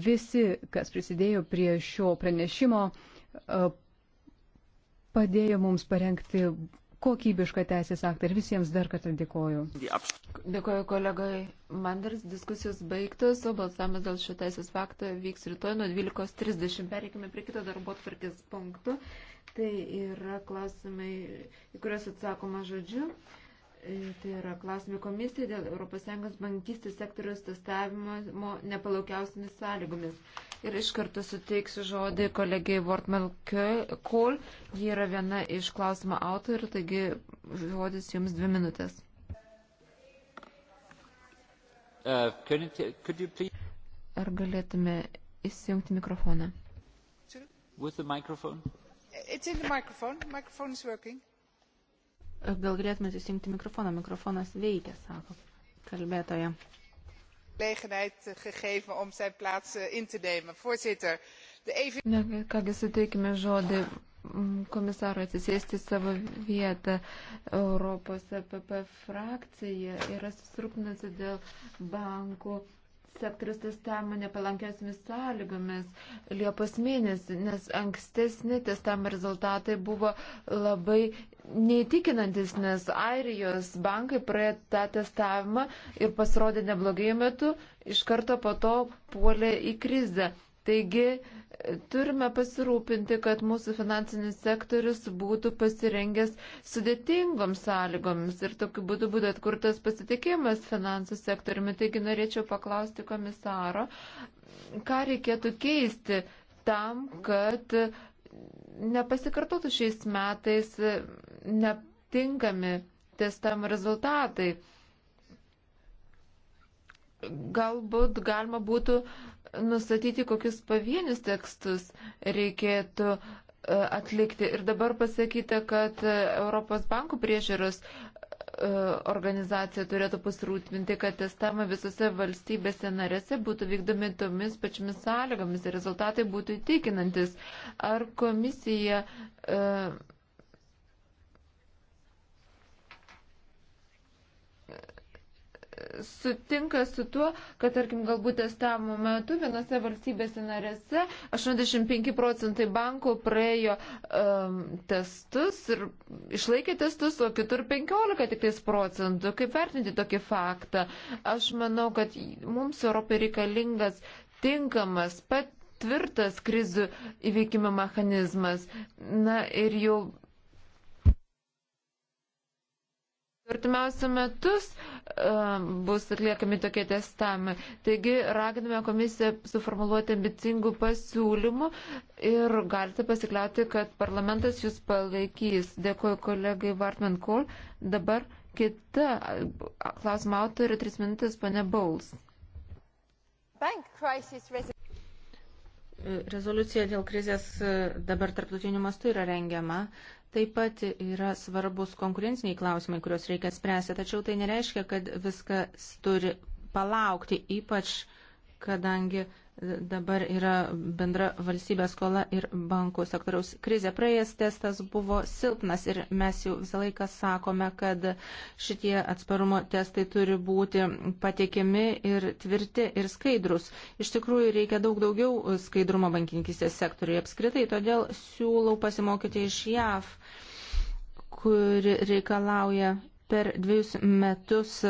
Visi, kas prisidėjo prie šio pranešimo, e, padėjo mums parengti kokybišką teisės aktą ir visiems dar kartą dėkoju. Dėkoju kolegai Manders, diskusijos baigtos, o balsavimas dėl šio teisės akto vyks rytoj nuo 12.30. Pereikime prie kito darbo tvarkės punktų. Tai yra klausimai, į kuriuos atsakoma žodžiu. E, tai yra klausimai komisijai dėl ES bankystės sektoriaus testavimo nepalaukiausiamis sąlygomis. Ir iš karto suteiksiu žodį kolegijai Wortman Kohl. Ji yra viena iš klausimo autorių, taigi žodis jums dvi minutės. Uh, Ar galėtume įsijungti mikrofoną? With the microphone. It's in the microphone. Microphone is working. Gal galėtumėte įsijungti mikrofoną? Mikrofonas veikia, sako kalbėtoja. Eh, e Na, kągi suteikime žodį mm, komisarui atsisėsti savo vietą. Europos APP e frakcija yra susirūpinusi dėl bankų sektorius testavimo nepalankesnis sąlygomis Liepos mėnesį, nes ankstesni testavimo rezultatai buvo labai neįtikinantis, nes Airijos bankai praėjo tą testavimą ir pasirodė neblogai metu, iš karto po to puolė į krizę. Taigi, turime pasirūpinti, kad mūsų finansinis sektorius būtų pasirengęs sudėtingoms sąlygoms ir tokiu būdu būtų atkurtas pasitikėjimas finansų sektoriumi. Taigi norėčiau paklausti komisaro, ką reikėtų keisti tam, kad nepasikartotų šiais metais netinkami testam rezultatai. Galbūt galima būtų nustatyti, kokius pavienius tekstus reikėtų e, atlikti. Ir dabar pasakyta, kad e, Europos bankų priežiūros e, organizacija turėtų pasirūpinti, kad testavimai visose valstybėse narėse būtų vykdomi tomis pačiamis sąlygomis ir rezultatai būtų įtikinantis. Ar komisija uh, sutinka su tuo, kad, tarkim, galbūt testavimo metu vienose valstybėse narėse 85 procentai bankų praėjo um, testus ir išlaikė testus, o kitur 15 tik tais procentų. Kaip vertinti tokį faktą? Aš manau, kad mums Europai reikalingas tinkamas, pat tvirtas krizių įveikimo mechanizmas. Na ir jau artimiausių metus e, bus atliekami tokie testamai. Taigi raginame komisiją suformuoluoti ambicingų pasiūlymų ir galite pasikliauti, kad parlamentas jūs palaikys. Dėkuoju kolegai Vartman Kohl. Dabar kita klausimo autorė, tris minutės, pane Bauls. Rezoliucija dėl krizės e, dabar tarptautiniu mastu yra rengiama Taip pat yra svarbus konkurenciniai klausimai, kuriuos reikia spręsti, tačiau tai nereiškia, kad viskas turi palaukti, ypač kadangi dabar yra bendra valstybės skola ir bankų sektoriaus krizė. Praėjęs testas buvo silpnas ir mes jau visą laiką sakome, kad šitie atsparumo testai turi būti patiekiami ir tvirti ir skaidrus. Iš tikrųjų reikia daug daugiau skaidrumo bankininkistės sektoriuje apskritai, todėl siūlau pasimokyti iš JAV, kuri reikalauja per dviejus metus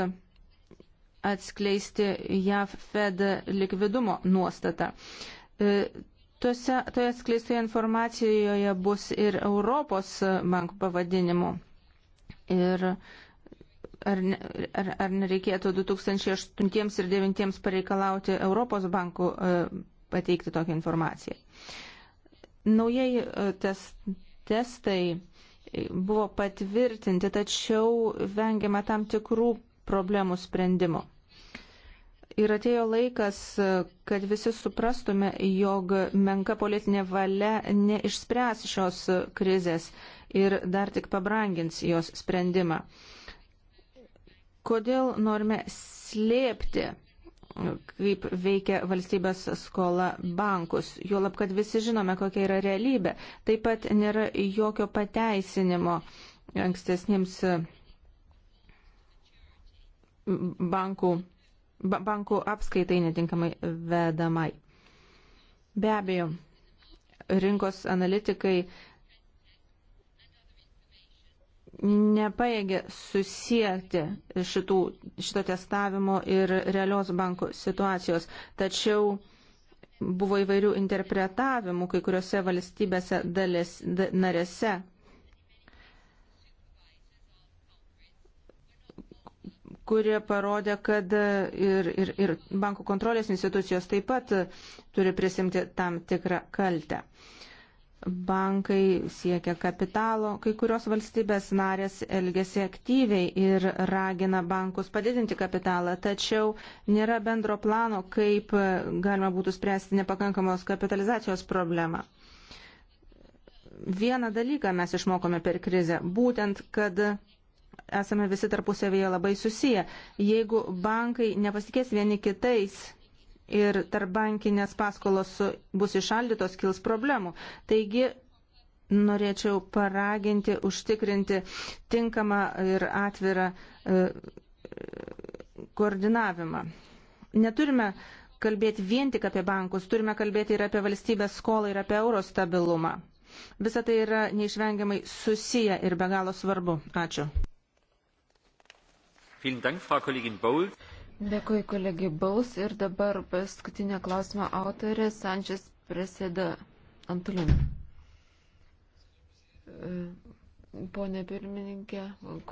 atskleisti JAV Fed likvidumo nuostatą. E, tuose, toje atskleistoje informacijoje bus ir Europos bankų pavadinimų. Ir ar, ar, ar nereikėtų 2008 ir 2009 pareikalauti Europos bankų e, pateikti tokią informaciją. Naujai e, tes, testai buvo patvirtinti, tačiau vengiama tam tikrų problemų sprendimo. Ir atėjo laikas, kad visi suprastume, jog menka politinė valia neišspręs šios krizės ir dar tik pabrangins jos sprendimą. Kodėl norime slėpti kaip veikia valstybės skola bankus. Juolab, kad visi žinome, kokia yra realybė. Taip pat nėra jokio pateisinimo ankstesniems bankų, bankų apskaitai netinkamai vedamai. Be abejo, rinkos analitikai nepaėgė susijęti šitų, šito testavimo ir realios bankų situacijos. Tačiau buvo įvairių interpretavimų kai kuriuose valstybėse dalės, da, narėse kurie parodė, kad e, ir, ir, ir bankų kontrolės institucijos taip pat turi prisimti tam tikrą kaltę. Bankai siekia kapitalo, kai kurios valstybės narės elgesi aktyviai ir ragina bankus padidinti kapitalą, tačiau nėra bendro plano, kaip galima būtų spręsti nepakankamos kapitalizacijos problemą. Vieną dalyką mes išmokome per krizę, būtent, kad esame visi tarpusavėje labai susiję. Jeigu bankai nepasikės vieni kitais ir tarp bankinės paskolos bus išaldytos, kils problemų. Taigi norėčiau paraginti, užtikrinti tinkamą ir atvirą e, koordinavimą. Neturime kalbėti vien tik apie bankus, turime kalbėti ir apie valstybės skolą, ir apie euro stabilumą. Visa tai yra neišvengiamai susiję ir be galo svarbu. Ačiū. Dėkui kolegai Baus ir dabar paskutinė klausimo autorė Sančias Preseda Antulin. E, pone pirmininkė,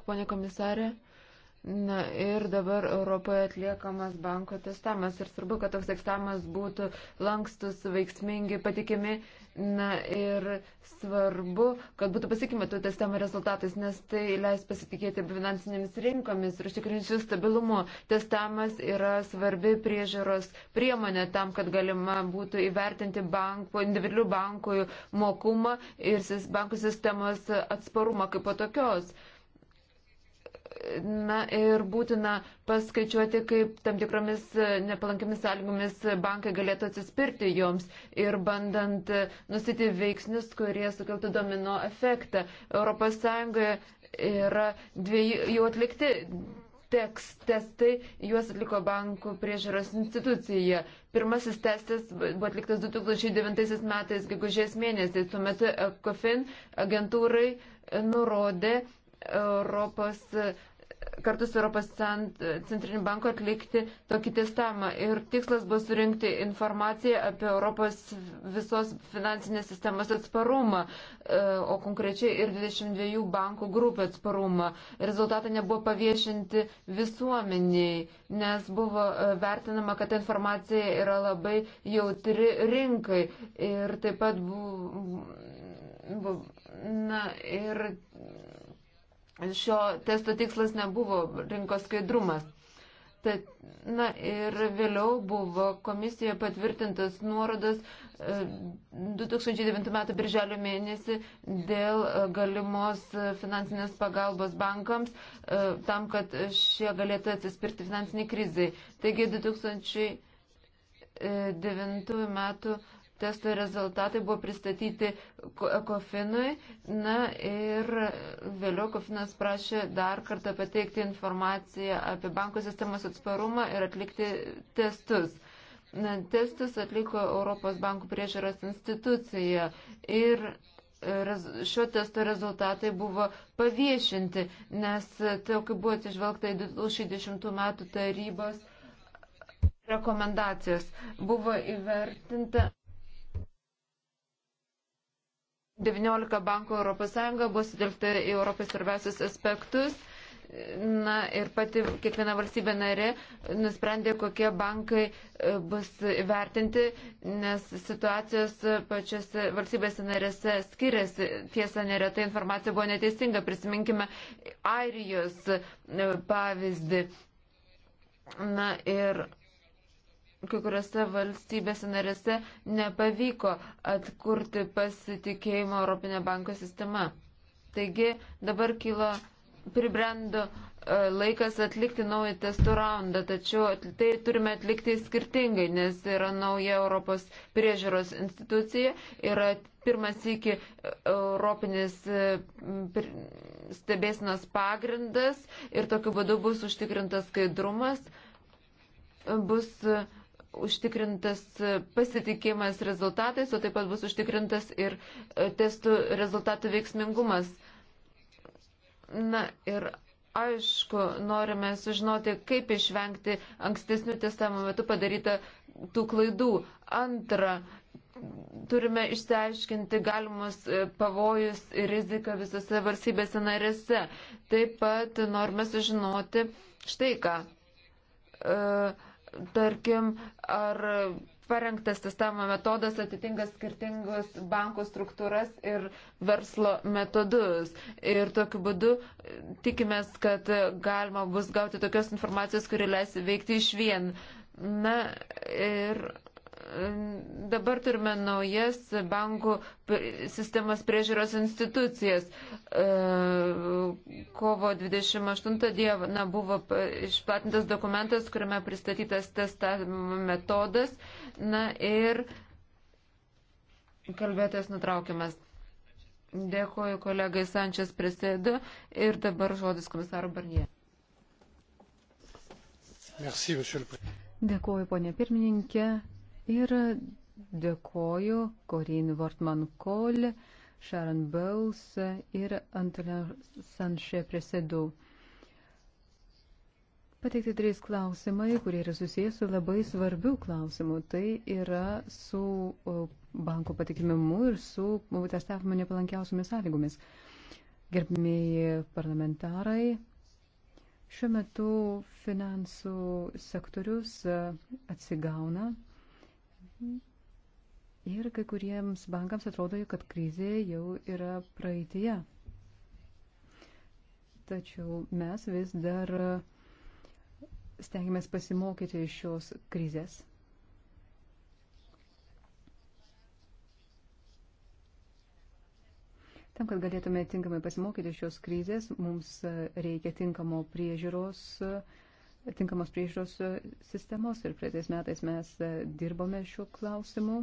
pone komisarė. Na ir dabar Europoje atliekamas banko testamas ir svarbu, kad toks testamas būtų lankstus, veiksmingi, patikimi. Na ir svarbu, kad būtų pasikima tų testamų rezultatais, nes tai leis pasitikėti finansinėmis rinkomis ir užtikrinčių stabilumu. Testamas yra svarbi priežiūros priemonė tam, kad galima būtų įvertinti banko, individualių bankų mokumą ir bankų sistemos atsparumą kaip po tokios. Na ir būtina paskaičiuoti, kaip tam tikromis e, nepalankiamis sąlygomis bankai galėtų atsispirti joms ir bandant e, nusiti veiksnius, kurie sukeltų domino efektą. ES yra dviejų, jau atlikti tekst, testai, juos atliko bankų priežiūros institucija. Pirmasis testas buvo atliktas 2009 metais, gegužės mėnesį. Tuo metu COFIN agentūrai nurodė Europos kartu su Europos centriniu banku atlikti tokį testavimą. Ir tikslas bus surinkti informaciją apie Europos visos finansinės sistemos atsparumą, e, o konkrečiai ir 22 bankų grupę atsparumą. Rezultatai nebuvo paviešinti visuomeniai, nes buvo e, vertinama, kad informacija yra labai jautri rinkai. Ir taip pat buvo. Bu, na ir šio testo tikslas nebuvo rinkos skaidrumas. Tad, na ir vėliau buvo komisijoje patvirtintas nuorodas 2009 e, m. birželio mėnesį dėl e, galimos finansinės pagalbos bankams e, tam, kad šie galėtų atsispirti finansiniai krizai. Taigi 2009 m testo rezultatai buvo pristatyti Kofinui. Na ir vėliau Kofinas prašė dar kartą pateikti informaciją apie bankų sistemos atsparumą ir atlikti testus. Na, testus atliko Europos bankų priežiūros institucija ir šio testo rezultatai buvo paviešinti, nes tokiu buvo atsižvelgta į 2010 metų tarybos rekomendacijas. Buvo įvertinta 19 bankų ES bus sutelkti į Europos svarbiausius aspektus. Na ir pati kiekviena valstybė narė nusprendė, kokie bankai e, bus vertinti, nes situacijos pačiose valstybėse narėse skiriasi. Tiesa, neretai informacija buvo neteisinga. Prisiminkime Airijos e, pavyzdį. Na ir kai kuriuose valstybėse narėse nepavyko atkurti pasitikėjimo Europinė banko sistema. Taigi dabar kilo pribrendo e, laikas atlikti naują testų raundą, tačiau tai turime atlikti skirtingai, nes yra nauja Europos priežiūros institucija, yra pirmas iki e, Europinis e, stebėsinos pagrindas ir tokiu būdu bus užtikrintas skaidrumas, bus uh, užtikrintas pasitikimas rezultatais, o taip pat bus užtikrintas ir e, testų rezultatų veiksmingumas. Na ir aišku, norime sužinoti, kaip išvengti ankstesnių testavimo metu padarytą tų klaidų. Antra, turime išsiaiškinti galimus e, pavojus ir riziką visose valstybėse narėse. Taip pat norime sužinoti štai ką. Uh, tarkim, ar parengtas testavimo metodas atitinka skirtingus bankų struktūras ir verslo metodus. Ir tokiu būdu e, tikimės, kad galima bus gauti tokios informacijos, kuri leis veikti iš vien. Na ir dabar turime naujas bankų sistemas priežiūros institucijas. E, kovo 28 dieną buvo išplatintas dokumentas, kuriame pristatytas testavimo metodas. Na ir kalbėtojas nutraukiamas. Dėkuoju kolegai Sančias prisėdu ir dabar žodis komisaro Barnie. Merci, Dėkuoju, ponė pirmininkė. Ir dėkoju Corinne Wortman Kohl, Sharon Bowles ir Antonio Sanche Presedu. Pateikti trys klausimai, kurie yra susijęs su labai svarbiu klausimu. Tai yra su banko patikimimu ir su testavimo nepalankiausiamis sąlygomis. Gerbimieji parlamentarai, šiuo metu finansų sektorius atsigauna Ir kai kuriems bankams atrodo, kad krizė jau yra praeitie. Tačiau mes vis dar stengiamės pasimokyti iš šios krizės. Tam, kad galėtume tinkamai pasimokyti šios krizės, mums reikia tinkamo priežiūros uh, tinkamos priežiūros e, sistemos ir praeitais metais mes e, dirbome šiuo klausimu.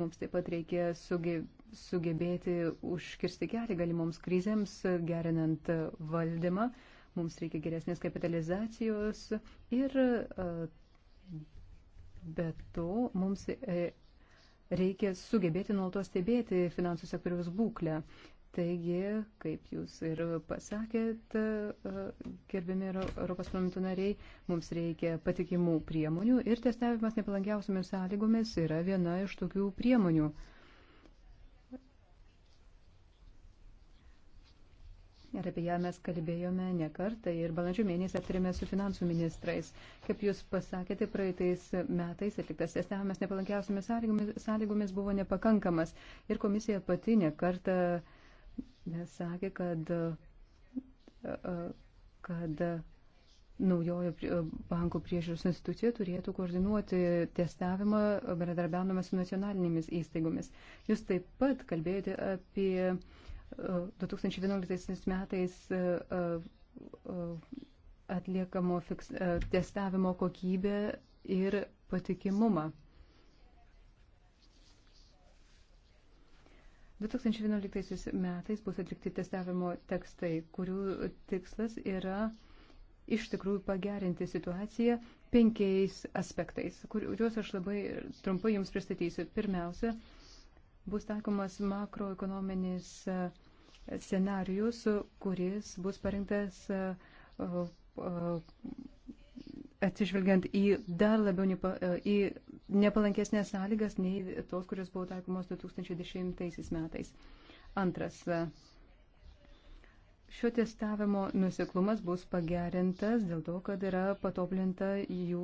Mums taip pat reikia suge, sugebėti užkirsti kelią galimoms krizėms, e, gerinant valdymą. Mums reikia geresnės kapitalizacijos ir be to mums reikia sugebėti nuolatos stebėti finansų sektoriaus būklę. Taigi, kaip jūs ir pasakėt, e, gerbiami Europos parlamento nariai, mums reikia patikimų priemonių ir testavimas nepalankiausiamis sąlygomis yra viena iš tokių priemonių. Ir apie ją mes kalbėjome ne kartą ir balandžio mėnesį aptarėme su finansų ministrais. Kaip jūs pasakėte, praeitais metais atliktas testavimas nepalankiausiamis sąlygomis, sąlygomis buvo nepakankamas ir komisija pati ne kartą uh, Mes sakė, kad, kad naujojo bankų priežiūros institucija turėtų koordinuoti testavimą bendradarbiavimą su nacionalinėmis įstaigomis. Jūs taip pat kalbėjote apie 2011 e, metais e, e, atliekamo fiks, testavimo kokybę ir patikimumą. 2011 metais bus atlikti testavimo tekstai, kurių tikslas yra iš tikrųjų pagerinti situaciją penkiais aspektais, kuriuos aš labai trumpai jums pristatysiu. Pirmiausia, bus taikomas makroekonominis e, scenarius, kuris bus parinktas e, atsižvelgiant į dar labiau nepa, e, į nepalankesnės sąlygas nei tos, kurios buvo taikomos 2010 metais. Antras. Šio testavimo nusiklumas bus pagerintas dėl to, kad yra patoblinta jų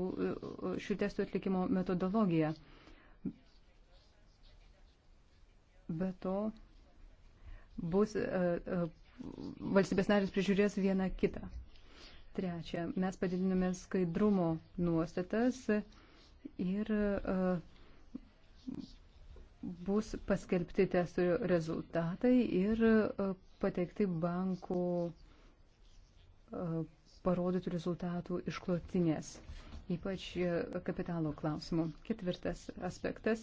šių testų atlikimo metodologija. Be to, bus uh, uh, valstybės narės prižiūrės vieną kitą. Trečia, mes padidinome skaidrumo nuostatas. Uh, ir e, bus paskelbti testų rezultatai ir e, pateikti bankų e, parodytų rezultatų išklotinės, ypač kapitalo klausimų. Ketvirtas aspektas.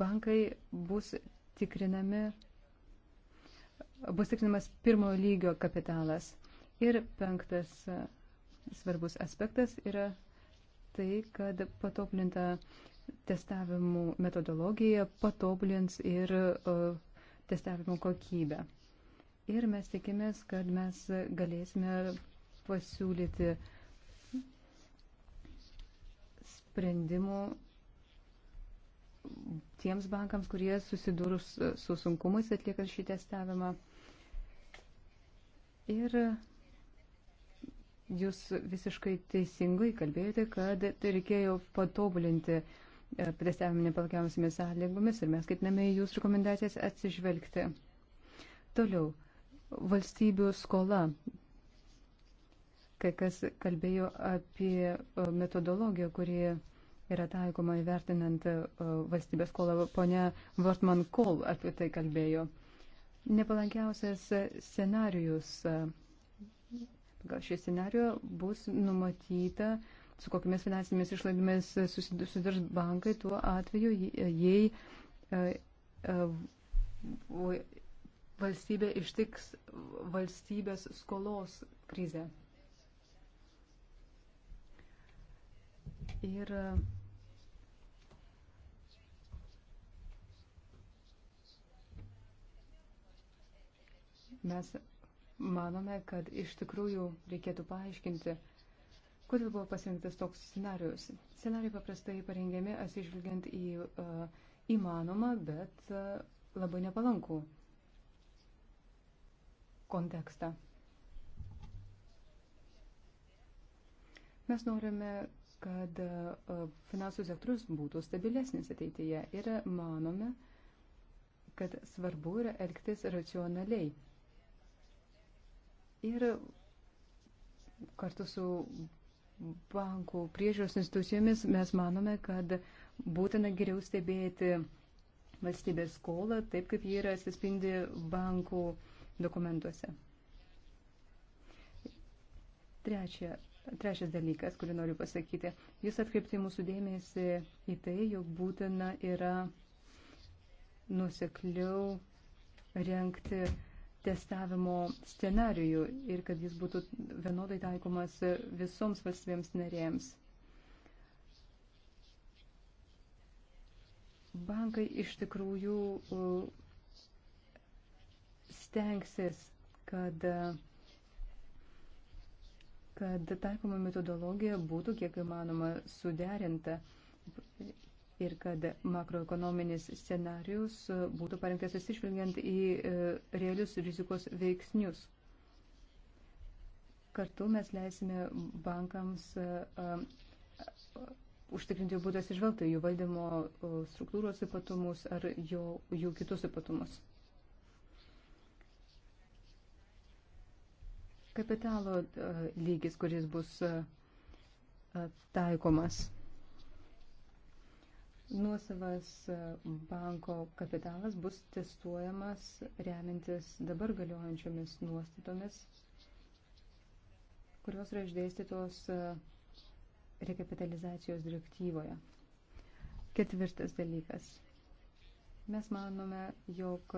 Bankai bus tikrinami, bus tikrinamas pirmojo lygio kapitalas. Ir penktas svarbus aspektas yra tai, kad patoblinta testavimų metodologija patoblins ir e, testavimų kokybę. Ir mes tikimės, kad mes galėsime pasiūlyti sprendimų tiems bankams, kurie susidūrus su sunkumais atlieka šį testavimą. Ir Jūs visiškai teisingai kalbėjote, kad tai reikėjo patobulinti pristatyminį e, palankiausiamis sąlygomis ir mes ketiname į jūsų rekomendacijas atsižvelgti. Toliau, valstybių skola. Kai kas kalbėjo apie e, metodologiją, kuri yra taikoma įvertinant e, valstybės skolą, ponia Vortman Kol apie tai kalbėjo. Nepalankiausias scenarius Gal šį scenarių bus numatyta, su kokiamis finansinėmis išlaidomis susidurs bankai tuo atveju, jei e, e, valstybė ištiks valstybės skolos krizę. Ir e, mes manome, kad iš tikrųjų reikėtų paaiškinti, kodėl buvo pasirinktas toks scenarius. Scenarijai paprastai parengiami atsižvelgiant į uh, įmanomą, bet uh, labai nepalankų kontekstą. Mes norime, kad uh, finansų sektorius būtų stabilesnis ateityje ir manome, kad svarbu yra elgtis racionaliai. Ir kartu su bankų priežiūros institucijomis mes manome, kad būtina geriau stebėti valstybės skolą, taip kaip jie yra atsispindi bankų dokumentuose. Trečia, trečias dalykas, kurį noriu pasakyti. Jis atkreipti mūsų dėmesį į tai, jog būtina yra nusekliau renkti testavimo scenarijų ir kad jis būtų vienodai taikomas visoms valstybėms narėms. Bankai iš tikrųjų uh, stengsis, kad, kad taikoma metodologija būtų kiek įmanoma suderinta ir kad makroekonominis scenarius būtų parengtas atsižvelgiant į e, realius rizikos veiksnius. Kartu mes leisime bankams e, e, užtikrinti būdą atsižvelgti jų valdymo struktūros ypatumus ar jo, jų kitus ypatumus. Kapitalo lygis, kuris bus taikomas nuosavas e, banko kapitalas bus testuojamas remintis dabar galiojančiomis nuostatomis, kurios yra išdėstytos e, rekapitalizacijos direktyvoje. Ketvirtas dalykas. Mes manome, jog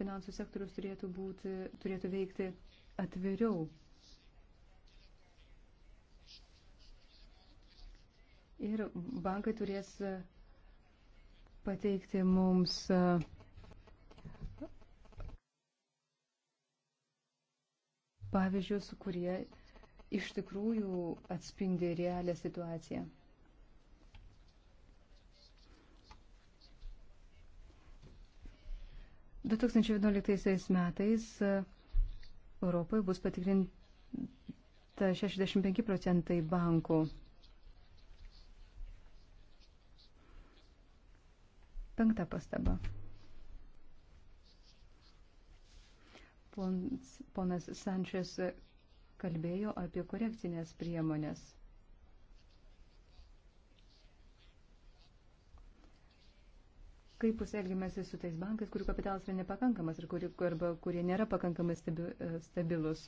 finansų sektorius turėtų, būti, turėtų veikti atviriau. Ir bankai turės pateikti mums e, pavyzdžius, kurie iš tikrųjų atspindi realią situaciją. Du 2011 metais e, Europoje bus patikrinta 65 procentai bankų. Penkta pastaba. Ponas Sančias kalbėjo apie korekcinės priemonės. Kaip bus elgiamasi su tais bankais, kurių kapitalas yra nepakankamas ir kuri, arba kurie nėra pakankamai stabi, e, stabilus?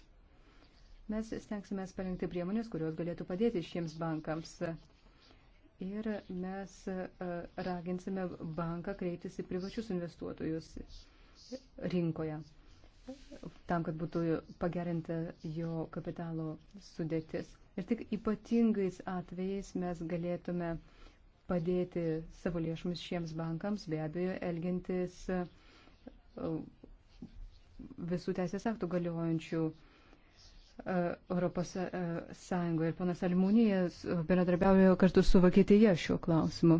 Mes stengsime parengti priemonės, kurios galėtų padėti šiems bankams ir mes e, raginsime banką kreiptis į privačius investuotojus rinkoje, tam, kad būtų pagerinta jo kapitalo sudėtis. Ir tik ypatingais atvejais mes galėtume padėti savo lėšomis šiems bankams, be abejo, elgintis e, visų teisės aktų galiojančių uh, Europos e, Sąjungoje. Ir ponas Almūnijas bendradarbiauja kartu su Vokietija šiuo klausimu.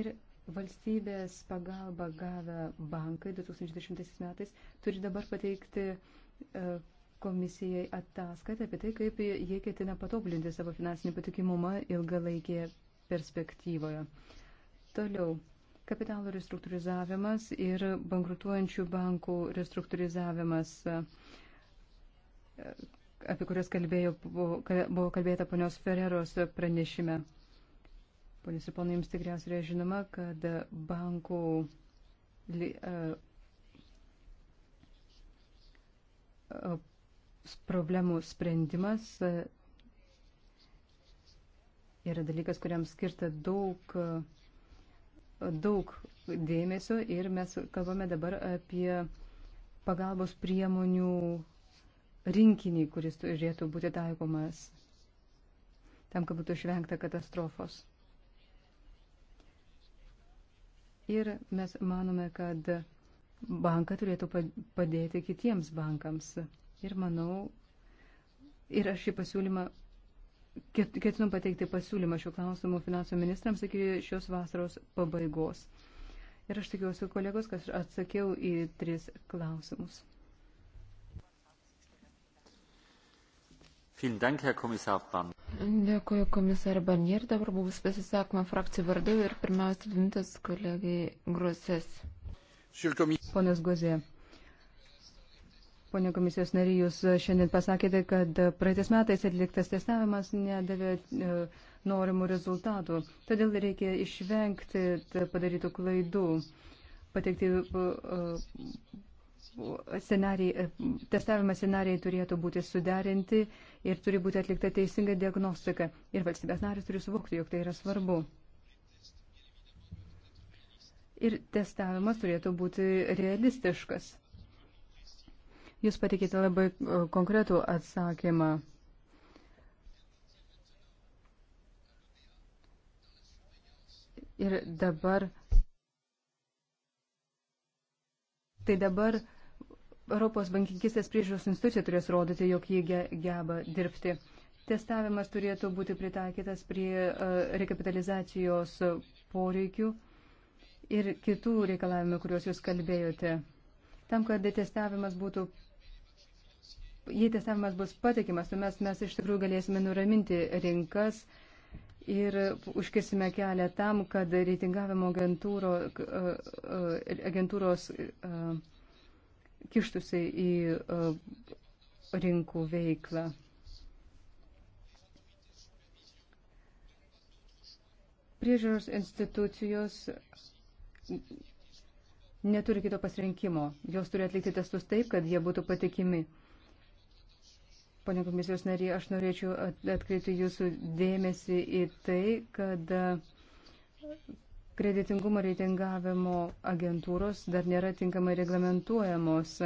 Ir valstybės pagalba gavę bankai 2010 metais turi dabar pateikti e, komisijai ataskaitą apie tai, kaip jie ketina patobulinti savo finansinį patikimumą ilgalaikėje perspektyvoje. Toliau kapitalo restruktūrizavimas ir bankrutuojančių bankų restruktūrizavimas, apie kurias kalbėjo, buvo kalbėta ponios Ferreros pranešime. Ponis ir ponai, jums tikriausiai yra žinoma, kad bankų problemų sprendimas yra dalykas, kuriam skirta daug daug dėmesio ir mes kalbame dabar apie pagalbos priemonių rinkinį, kuris turėtų būti taikomas tam, kad būtų išvengta katastrofos. Ir mes manome, kad bankai turėtų padėti kitiems bankams. Ir manau, ir aš šį pasiūlymą ketinu pateikti pasiūlymą šiuo klausimu finansų ministrams iki šios vasaros pabaigos. Ir aš tikiuosi, kolegos, kad atsakiau į tris klausimus. Dėkuoju komisar Barnier, dabar bus pasisakoma frakcijų vardu ir pirmiausia mintis kolegai Grusės. Ponas Gozė, Pone komisijos nariai, jūs šiandien pasakėte, kad praeitais metais atliktas testavimas nedavė e, norimų rezultatų. Todėl reikia išvengti padarytų klaidų, pateikti e, e, scenarijai, testavimo scenarijai turėtų būti suderinti ir turi būti atlikta teisinga diagnostika. Ir valstybės narės turi suvokti, jog tai yra svarbu. Ir testavimas turėtų būti realistiškas. Jūs patikite labai e, konkretų atsakymą. Ir dabar. Tai dabar Europos bankininkistės priežiūros institucija turės rodyti, jog jie geba dirbti. Testavimas turėtų būti pritaikytas prie e, rekapitalizacijos poreikių ir kitų reikalavimų, kuriuos jūs kalbėjote. Tam, kad detestavimas būtų jei testavimas bus patikimas, tuomet mes iš tikrųjų galėsime nuraminti rinkas ir užkirsime kelią tam, kad reitingavimo agentūro, agentūros kištusi į rinkų veiklą. Priežiūros institucijos neturi kito pasirinkimo. Jos turi atlikti testus taip, kad jie būtų patikimi. Pane komisijos nariai, aš norėčiau atkreipti jūsų dėmesį į tai, kad e, kreditingumo reitingavimo agentūros dar nėra tinkamai reglamentuojamos.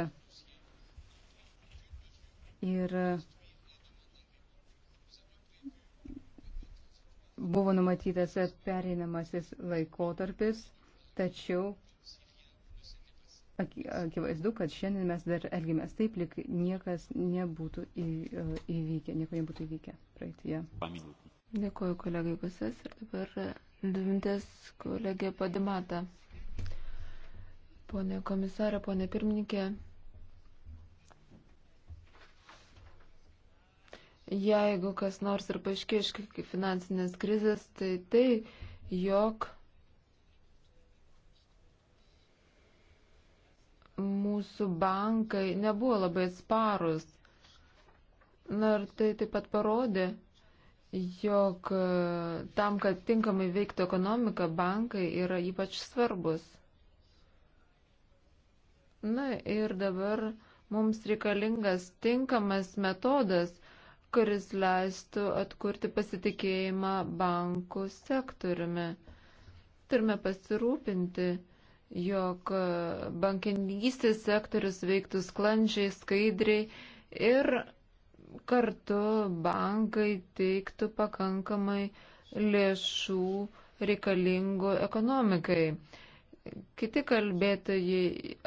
Ir e, buvo numatytas pereinamasis laikotarpis, tačiau akivaizdu, kad šiandien mes dar elgiamės taip, lik niekas nebūtų į, e, įvykę, nieko nebūtų įvykę praeitie. Dėkuoju kolegai Kusas ir dabar dvi minutės kolegė Padimata. Pone komisarė, pone pirmininkė. Jeigu kas nors ir paaiškėjo iš finansinės krizės, tai tai, jog mūsų bankai nebuvo labai sparus. Na ir tai taip pat parodė, jog e, tam, kad tinkamai veiktų ekonomika, bankai yra ypač svarbus. Na ir dabar mums reikalingas tinkamas metodas, kuris leistų atkurti pasitikėjimą bankų sektoriumi. Turime pasirūpinti, jog e, bankininkystės sektorius veiktų sklandžiai, skaidriai ir kartu bankai teiktų pakankamai lėšų reikalingų ekonomikai. Kiti kalbėtojai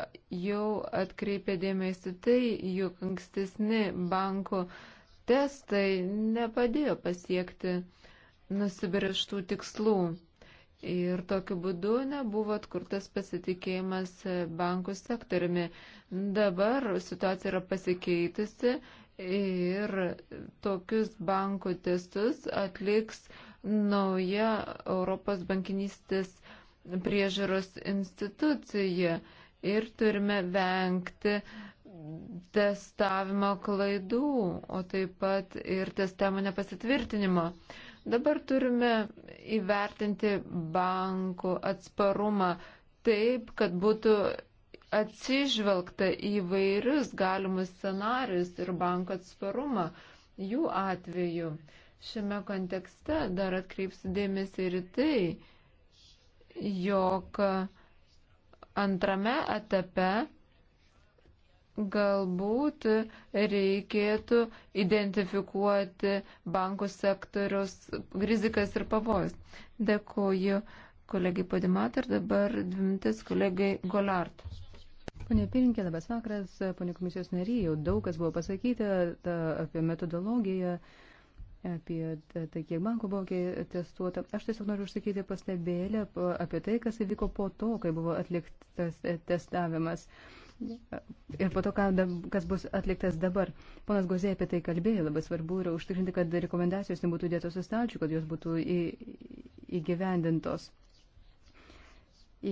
jau atkreipė dėmesį tai, jog ankstesni banko testai nepadėjo pasiekti nusibrieštų tikslų. Ir tokiu būdu nebuvo atkurtas pasitikėjimas bankų sektoriumi. Dabar situacija yra pasikeitusi ir tokius bankų testus atliks nauja Europos bankinystės priežaros institucija. Ir turime vengti testavimo klaidų, o taip pat ir testavimo nepasitvirtinimo. Dabar turime įvertinti bankų atsparumą taip, kad būtų atsižvelgta į vairius galimus scenarius ir banko atsparumą jų atveju. Šiame kontekste dar atkreipsiu dėmesį ir tai, jog antrame etape Galbūt reikėtų identifikuoti bankų sektoriaus rizikas ir pavojus. Dėkuoju kolegai Padimat ir dabar dvi mintis kolegai Golart. Pane Pirinkė, labas vakaras, pane komisijos nariai, jau daug kas buvo pasakyta ta, apie metodologiją, apie tai, kiek bankų buvo testuota. Aš tiesiog noriu užsakyti pastabėlę apie tai, kas įvyko po to, kai buvo atliktas e, testavimas. Uh, ir po to, kas bus atliktas dabar. Ponas Gozė apie tai kalbėjo, labai svarbu yra užtikrinti, kad rekomendacijos nebūtų dėtos į stalčių, kad jos būtų į, įgyvendintos.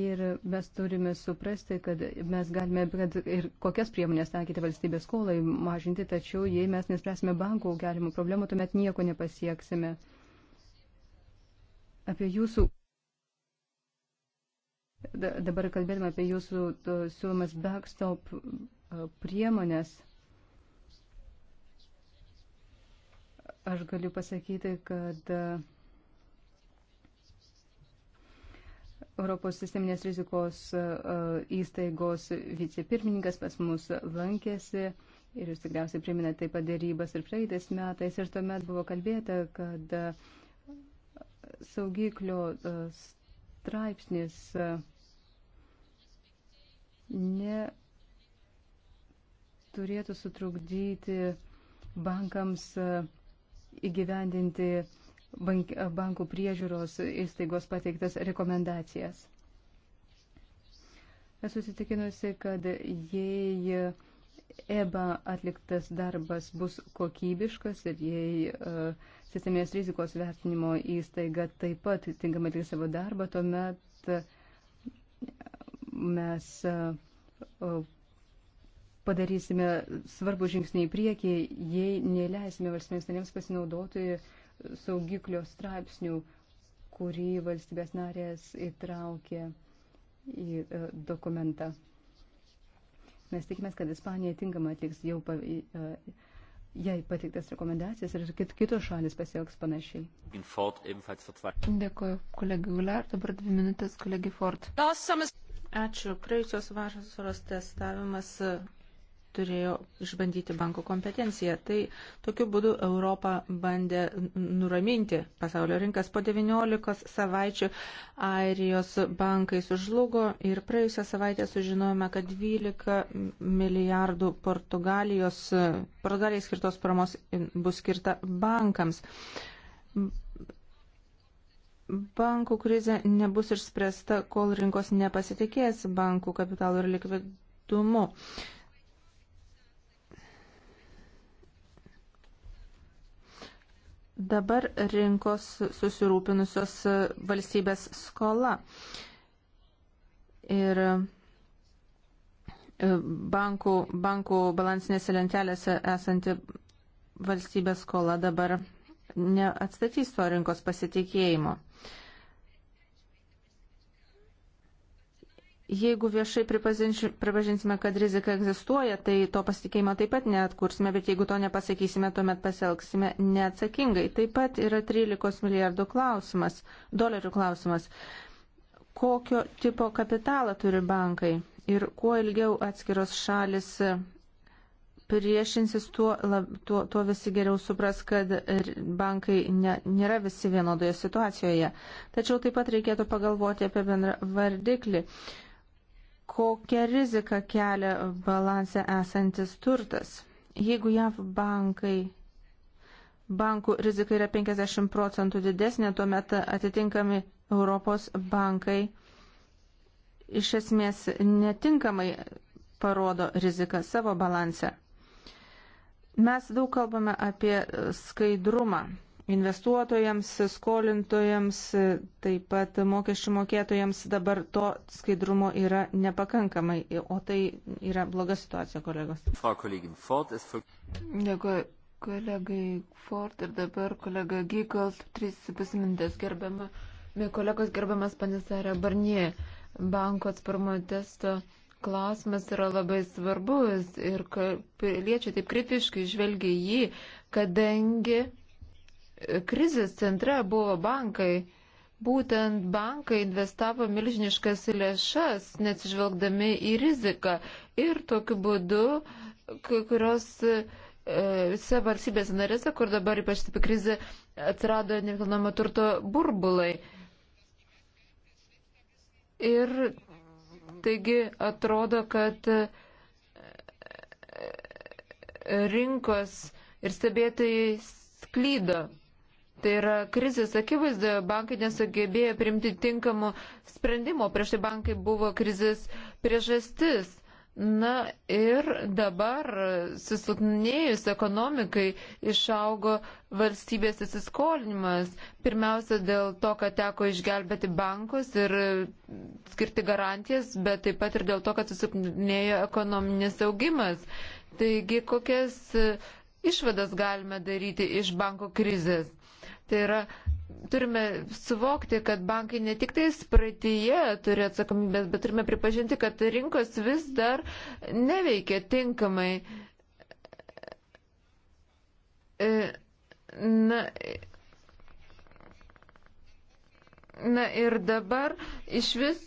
Ir mes turime suprasti, kad mes galime kad ir kokias priemonės taikyti valstybės skolai mažinti, tačiau jei mes nespręsime bankų galimų problemų, tuomet nieko nepasieksime. Apie jūsų dabar kalbėdami apie jūsų siūlomas backstop e, priemonės, aš galiu pasakyti, kad e, Europos sisteminės rizikos e, įstaigos vicepirmininkas pas mus lankėsi ir jūs tikriausiai priminate taip pat dėrybas ir praeitais metais ir tuomet buvo kalbėta, kad saugiklio straipsnis uh, neturėtų sutrukdyti bankams e, įgyvendinti bank, e, bankų priežiūros įstaigos pateiktas rekomendacijas. Esu įsitikinusi, kad jei EBA atliktas darbas bus kokybiškas ir jei uh, sisteminės rizikos vertinimo įstaiga taip pat tinkamai atliks savo darbą, tuomet uh, mes e, padarysime svarbų žingsnį į priekį, jei neleisime valstybės narėms pasinaudoti saugiklio straipsnių, kurį valstybės narės įtraukė į e, dokumentą. Mes tikimės, kad Ispanija tinkamai atliks jau pa, e, jai patiktas rekomendacijas ir kit, kitos šalis pasielgs panašiai. Dėkuoju, kolegai Gular, dabar dvi minutės kolegai Ford. Ačiū. Praėjusios vasaros testavimas turėjo išbandyti banko kompetenciją. Tai tokiu būdu Europą bandė nuraminti pasaulio rinkas. Po 19 savaičių Airijos bankai sužlugo ir praėjusią savaitę sužinojome, kad 12 milijardų Portugalijos, Portugalijai skirtos paramos bus skirta bankams. Bankų krizė nebus išspręsta, kol rinkos nepasitikės bankų kapitalu ir likvidumu. Dabar rinkos susirūpinusios valstybės skola. Ir e, bankų, bankų balansinėse lentelėse esanti valstybės skola dabar neatstatys to rinkos pasitikėjimo. Jeigu viešai pripažinsime, kad rizika egzistuoja, tai to pasitikėjimo taip pat neatkursime, bet jeigu to nepasakysime, tuomet pasielgsime neatsakingai. Taip pat yra 13 milijardų klausimas, dolerių klausimas. Kokio tipo kapitalą turi bankai ir kuo ilgiau atskiros šalis priešinsis, tuo, tuo, tuo visi geriau supras, kad bankai ne, nėra visi vienodoje situacijoje. Tačiau taip pat reikėtų pagalvoti apie bendrą vardiklį. Uh, kokią riziką kelia balanse esantis turtas. Jeigu JAV bankai bankų rizika yra 50 procentų didesnė, tuomet atitinkami Europos bankai iš esmės netinkamai parodo riziką savo balanse. Mes daug kalbame apie skaidrumą investuotojams, skolintojams, taip pat mokesčių mokėtojams dabar to skaidrumo yra nepakankamai, o tai yra bloga situacija, kolegos. Dėkuoju kolegai Ford ir dabar kolega Gygalt, 3,5 minutės gerbiama, kolegos gerbiamas panisarė Barnie, banko atsparumo testo klausimas yra labai svarbus ir piliečiai taip kritiškai žvelgia jį, kadangi krizės centre buvo bankai. Būtent bankai investavo milžiniškas lėšas, neatsižvelgdami į riziką. Ir tokiu būdu, kai kurios e, visose valstybės narėse, kur dabar ypač taip krizė, atsirado nekilnojamo turto burbulai. Ir taigi atrodo, kad e, rinkos ir stebėtojai sklydo. Tai yra krizės akivaizdoje bankai nesugebėjo primti tinkamų sprendimų, prieš tai bankai buvo krizės priežastis. Na ir dabar susilpnėjus ekonomikai išaugo valstybės įsiskolinimas. Pirmiausia dėl to, kad teko išgelbėti bankus ir skirti garantijas, bet taip pat ir dėl to, kad susilpnėjo ekonominis augimas. Taigi kokias išvadas galime daryti iš banko krizės? Tai yra, turime suvokti, kad bankai ne tik tais praeitie turi atsakomybės, bet turime pripažinti, kad rinkos vis dar neveikia tinkamai. E, na, Na ir dabar iš vis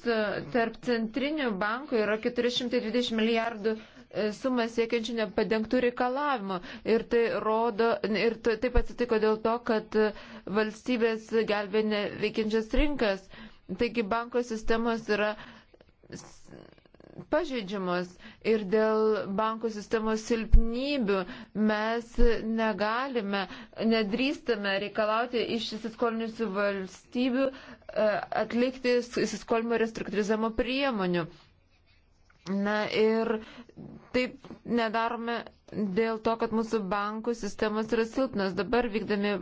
tarp centrinių bankų yra 420 milijardų eurų sumą siekiančių nepadengtų reikalavimų. Ir tai rodo, ir taip atsitiko dėl to, kad valstybės gelbė neveikiančias rinkas. Taigi banko sistemos yra pažeidžiamos ir dėl bankų sistemos silpnybių mes negalime, nedrįstame reikalauti iš įsiskolinusių valstybių e, atlikti įsiskolinimo restruktūrizavimo priemonių. Na ir taip nedarome dėl to, kad mūsų bankų sistemas yra silpnas. Dabar vykdami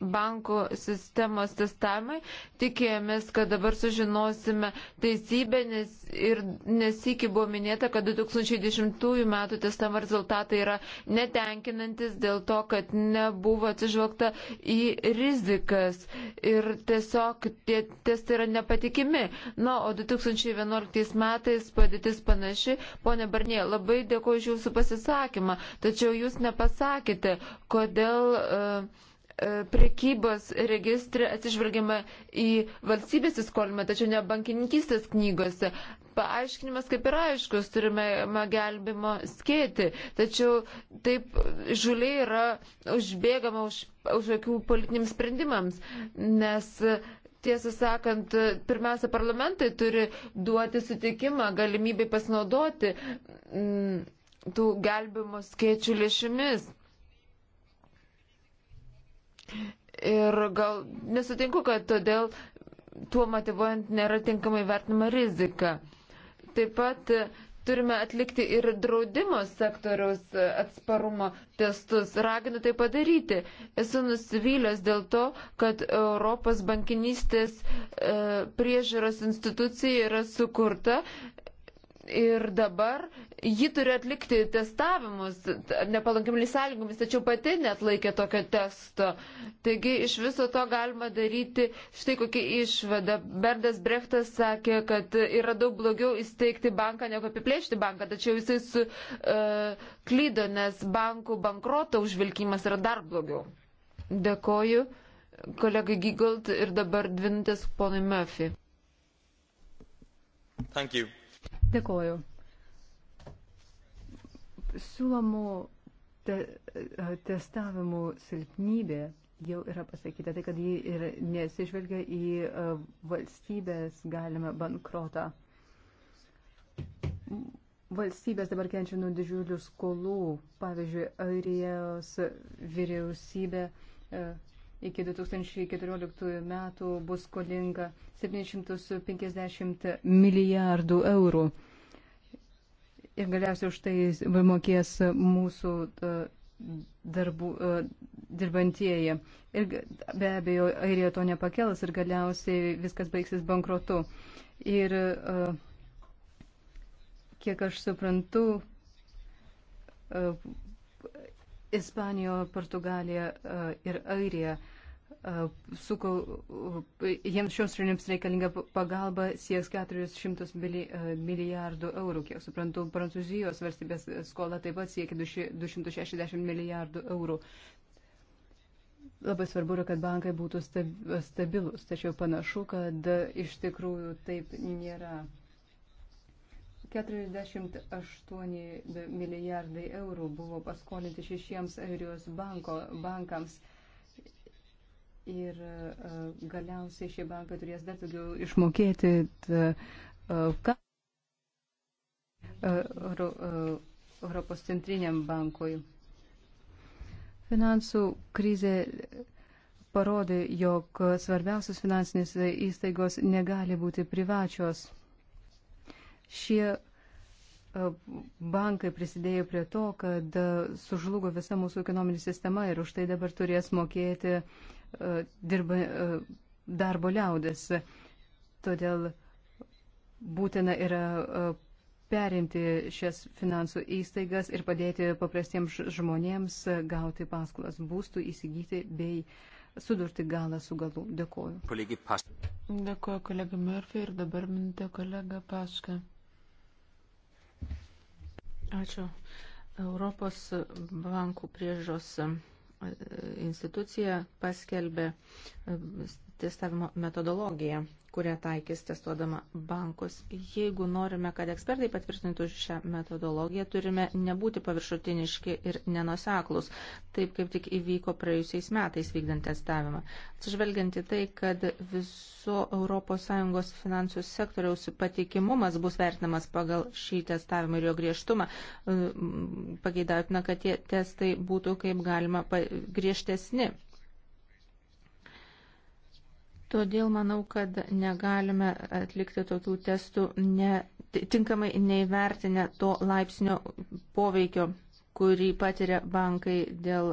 bankų sistemos testavimai. Tikėjomės, kad dabar sužinosime teisybę, nes ir nesikį buvo minėta, kad 2010 m. testavimo rezultatai yra netenkinantis dėl to, kad nebuvo atsižvelgta į rizikas ir tiesiog tie testai yra nepatikimi. Na, o 2011 metais padėtis panaši. Pone Barnė, labai dėkuoju už jūsų pasisakymą, tačiau jūs nepasakėte, kodėl uh, E, prekybos registre atsižvelgiama į valstybės įskolimą, tačiau ne bankininkystės knygose. Paaiškinimas kaip ir aiškus, turime gelbimo skėti, tačiau taip žuliai yra užbėgama už, už akių politiniams sprendimams, nes tiesą sakant, pirmiausia, parlamentai turi duoti sutikimą, galimybę pasinaudoti mm, tų gelbimo skėčių lėšimis. Ir gal nesutinku, kad todėl tuo motivuojant nėra tinkamai vertinama rizika. Taip pat turime atlikti ir draudimo sektoriaus atsparumo testus. Raginu tai padaryti. Esu nusivylęs dėl to, kad Europos bankinystės e, priežiūros institucija yra sukurta ir dabar ji turi atlikti testavimus nepalankiamis sąlygomis, tačiau pati net laikė tokio testo. Taigi iš viso to galima daryti štai kokį išvadą. Berdas Brechtas sakė, kad yra daug blogiau įsteigti banką negu apiplėšti banką, tačiau jisai su uh, klydo, nes bankų bankroto užvilkimas yra dar blogiau. Dėkoju kolegai Gigalt ir dabar dvintis ponui Murphy. Thank you. Dėkoju. Siūlomų te, e, testavimų silpnybė jau yra pasakyta, tai kad ji ir nesižvelgia į e, valstybės galimą bankrotą. Valstybės dabar kenčia nuo didžiulių skolų. Pavyzdžiui, Airijos vyriausybė e, iki 2014 metų bus skolinga 750 milijardų eurų. Ir galiausiai už tai mokės mūsų e, darbų, e, dirbantieji. Ir be abejo, airija to nepakels ir galiausiai viskas baigsis bankrotu. Ir e, kiek aš suprantu, Ispanija, Portugalija ir Airija suko, jiems šioms šalims reikalinga pagalba sieks 400 milijardų eurų. Kiek suprantu, Prancūzijos valstybės skola taip pat siekia 260 milijardų eurų. Labai svarbu yra, kad bankai būtų stabilus, tačiau panašu, kad iš tikrųjų taip nėra. 48 milijardai eurų buvo paskolinti šešiems airijos banko, bankams ir e, galiausiai šie bankai turės dar daugiau išmokėti. E, ką? E, Europos centriniam bankui. Finansų krizė parodė, jog svarbiausios finansinės įstaigos negali būti privačios. Šie bankai prisidėjo prie to, kad sužlugo visa mūsų ekonominė sistema ir už tai dabar turės mokėti uh, E, dirba e, darbo liaudės. Todėl būtina yra e, perimti šias finansų įstaigas ir padėti paprastiems žmonėms gauti paskolas būstų įsigyti bei sudurti galą su galu. Dėkuoju. Dėkuoju kolega Murphy ir dabar mintė kolega Paška. Ačiū. Europos bankų priežos institucija paskelbė e, testavimo metodologiją kurią taikys testuodama bankus. Jeigu norime, kad ekspertai patvirtintų šią metodologiją, turime nebūti paviršutiniški ir nenuseklus, taip kaip tik įvyko praėjusiais metais vykdant testavimą. Atsižvelgiant į tai, kad viso ES finansų sektoriaus patikimumas bus vertinamas pagal šį testavimą ir jo griežtumą, e, pageidautina, kad tie testai būtų kaip galima griežtesni. Todėl manau, kad negalime atlikti tokių testų ne, tinkamai neįvertinę to laipsnio poveikio kurį patiria bankai dėl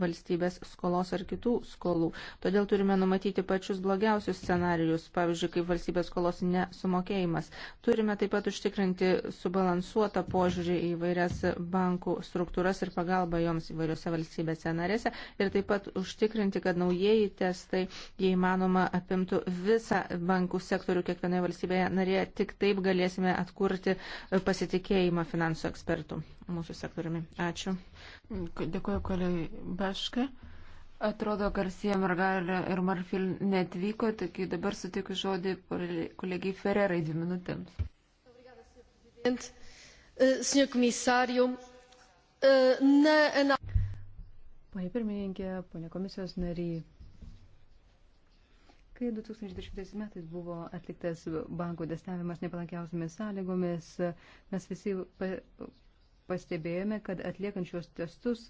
valstybės skolos ar kitų skolų. Todėl turime numatyti pačius blogiausius scenarius, pavyzdžiui, kaip valstybės skolos nesumokėjimas. Turime taip pat užtikrinti subalansuotą požiūrį į vairias bankų struktūras ir pagalbą joms įvairiose valstybėse narėse ir taip pat užtikrinti, kad naujieji testai, jei manoma, apimtų visą bankų sektorių kiekvienoje valstybėje narėje. Tik taip galėsime atkurti pasitikėjimą finansų ekspertų mūsų sektoriumi. Ačiū. Dėkuoju, kolegai Beška. Atrodo, Garcija Margarė ir Marfil netvyko, taigi dabar sutikiu žodį kolegijai Ferrerai dvi minutėms. Pane pirmininkė, pane komisijos nariai, kai 2010 metais buvo atliktas bankų destavimas nepalankiausiamis sąlygomis, mes visi pastebėjome, kad atliekant šios testus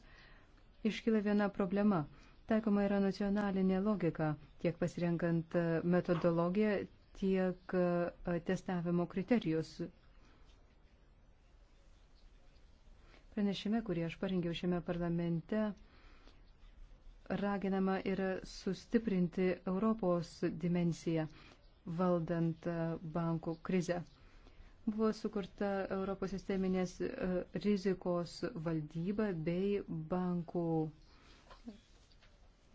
iškyla viena problema. Taikoma yra nacionalinė logika, tiek pasirenkant e, metodologiją, tiek e, testavimo kriterijus. Pranešime, kurį aš parengiau šiame parlamente, raginama yra sustiprinti Europos dimensiją valdant e, bankų krizę. Buvo sukurta Europos sisteminės e, rizikos valdyba bei bankų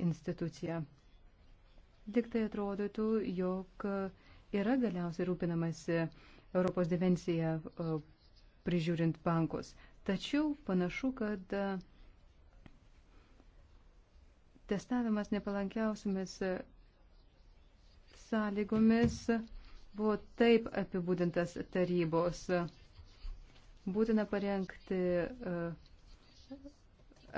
institucija. Tik tai atrodytų, jog yra galiausiai rūpinamasi Europos dimensiją e, prižiūrint bankus. Tačiau panašu, kad e, testavimas nepalankiausiamis sąlygomis buvo taip apibūdintas tarybos. Būtina parengti e,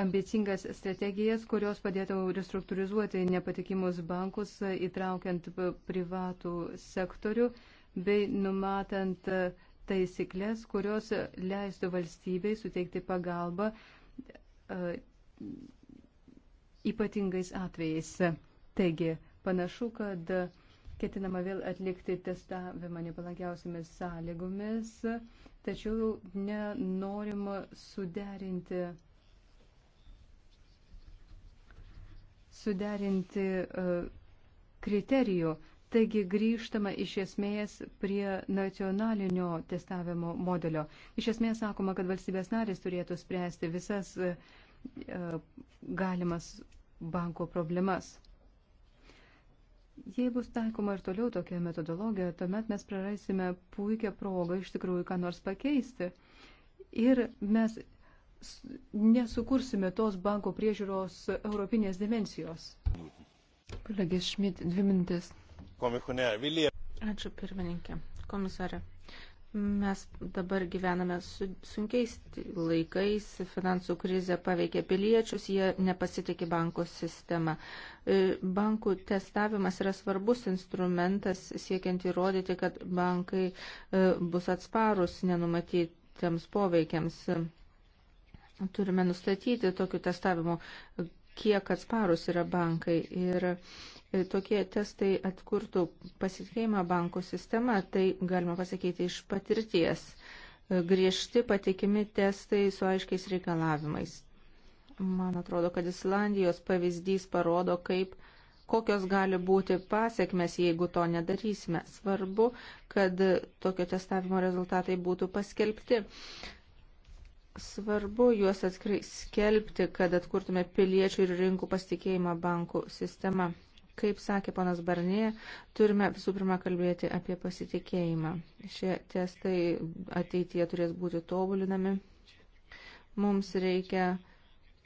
ambicingas strategijas, kurios padėtų restruktūrizuoti nepatikimus bankus, įtraukiant privatų sektorių bei numatant e, taisyklės, kurios leistų valstybei suteikti pagalbą e, ypatingais atvejais. Taigi, panašu, kad ketinama vėl atlikti testavimą nepalankiausiamis sąlygomis, tačiau nenorima suderinti, suderinti e, kriterijų. Taigi grįžtama iš esmės prie nacionalinio testavimo modelio. Iš esmės sakoma, kad valstybės narės turėtų spręsti visas e, e, galimas banko problemas. Jei bus taikoma ir toliau tokia metodologija, tuomet mes prarasime puikią progą iš tikrųjų ką nors pakeisti. Ir mes nesukursime tos banko priežiūros europinės dimensijos. Kolegės Šmit, dvi mintis. Ačiū pirmininkė. Komisarė. Mes dabar gyvename su sunkiais laikais, finansų krizė paveikia piliečius, jie nepasitikė bankų sistema. E, bankų testavimas yra svarbus instrumentas siekiant įrodyti, kad bankai e, bus atsparus nenumatytiems poveikiams. Turime nustatyti tokiu testavimu, kiek atsparus yra bankai. Ir E, tokie testai atkurtų pasitikėjimą bankų sistema, tai galima pasakyti iš patirties. E, griežti patikimi testai su aiškiais reikalavimais. Man atrodo, kad Islandijos pavyzdys parodo, kaip kokios gali būti pasiekmes, jeigu to nedarysime. Svarbu, kad tokio testavimo rezultatai būtų paskelbti. Svarbu juos atskrai skelbti, kad atkurtume piliečių ir rinkų pasitikėjimą bankų sistema. Kaip sakė ponas Barnė, turime visų pirma kalbėti apie pasitikėjimą. Šie testai ateityje turės būti tobulinami. Mums reikia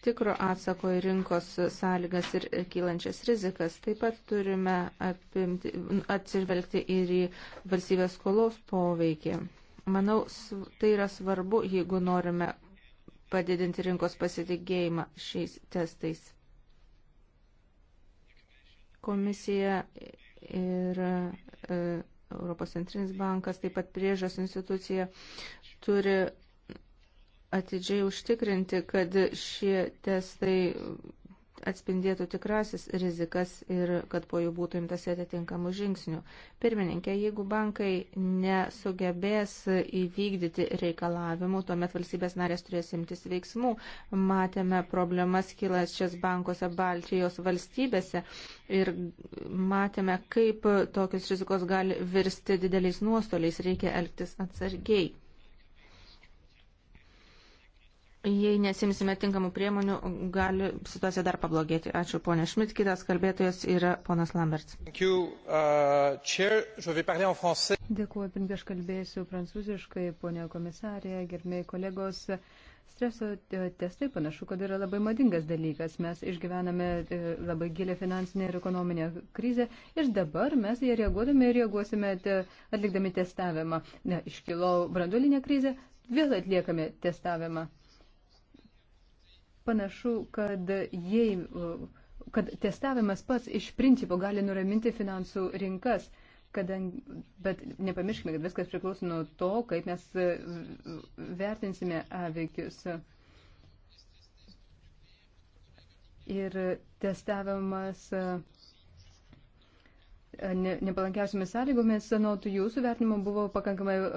tikro atsako į rinkos sąlygas ir kylančias rizikas. Taip pat turime apimti, atsižvelgti ir į valstybės skolos poveikį. Manau, tai yra svarbu, jeigu norime padidinti rinkos pasitikėjimą šiais testais. Komisija ir e, Europos centrinis bankas, taip pat priežas institucija turi atidžiai užtikrinti, kad šie testai atspindėtų tikrasis rizikas ir kad po jų būtų imtas atitinkamų žingsnių. Pirmininkė, jeigu bankai nesugebės įvykdyti reikalavimų, tuomet valstybės narės turės imtis veiksmų. Matėme problemas kylančias bankuose Baltijos valstybėse ir matėme, kaip tokios rizikos gali virsti dideliais nuostoliais. Reikia elgtis atsargiai. Jei nesimsime tinkamų priemonių, gali situacija dar pablogėti. Ačiū, ponė Šmit. Kitas kalbėtojas yra ponas Lamberts. Uh, Dėkuoju, pirmie aš kalbėsiu prancūziškai, ponė komisarė, gerbėjai kolegos. Streso testai panašu, kad yra labai madingas dalykas. Mes išgyvename e, labai gilę finansinę ir ekonominę krizę ir dabar mes ją reaguodami ir reaguosime atlikdami testavimą. Ne, iškilo branduolinė krizė, vėl atliekame testavimą panašu, kad jei kad testavimas pats iš principo gali nuraminti finansų rinkas, kadangi, bet nepamirškime, kad viskas priklauso nuo to, kaip mes vertinsime aveikius. Ir testavimas ne, nepalankiausiamis sąlygomis, anot jūsų vertinimo, buvo pakankamai uh,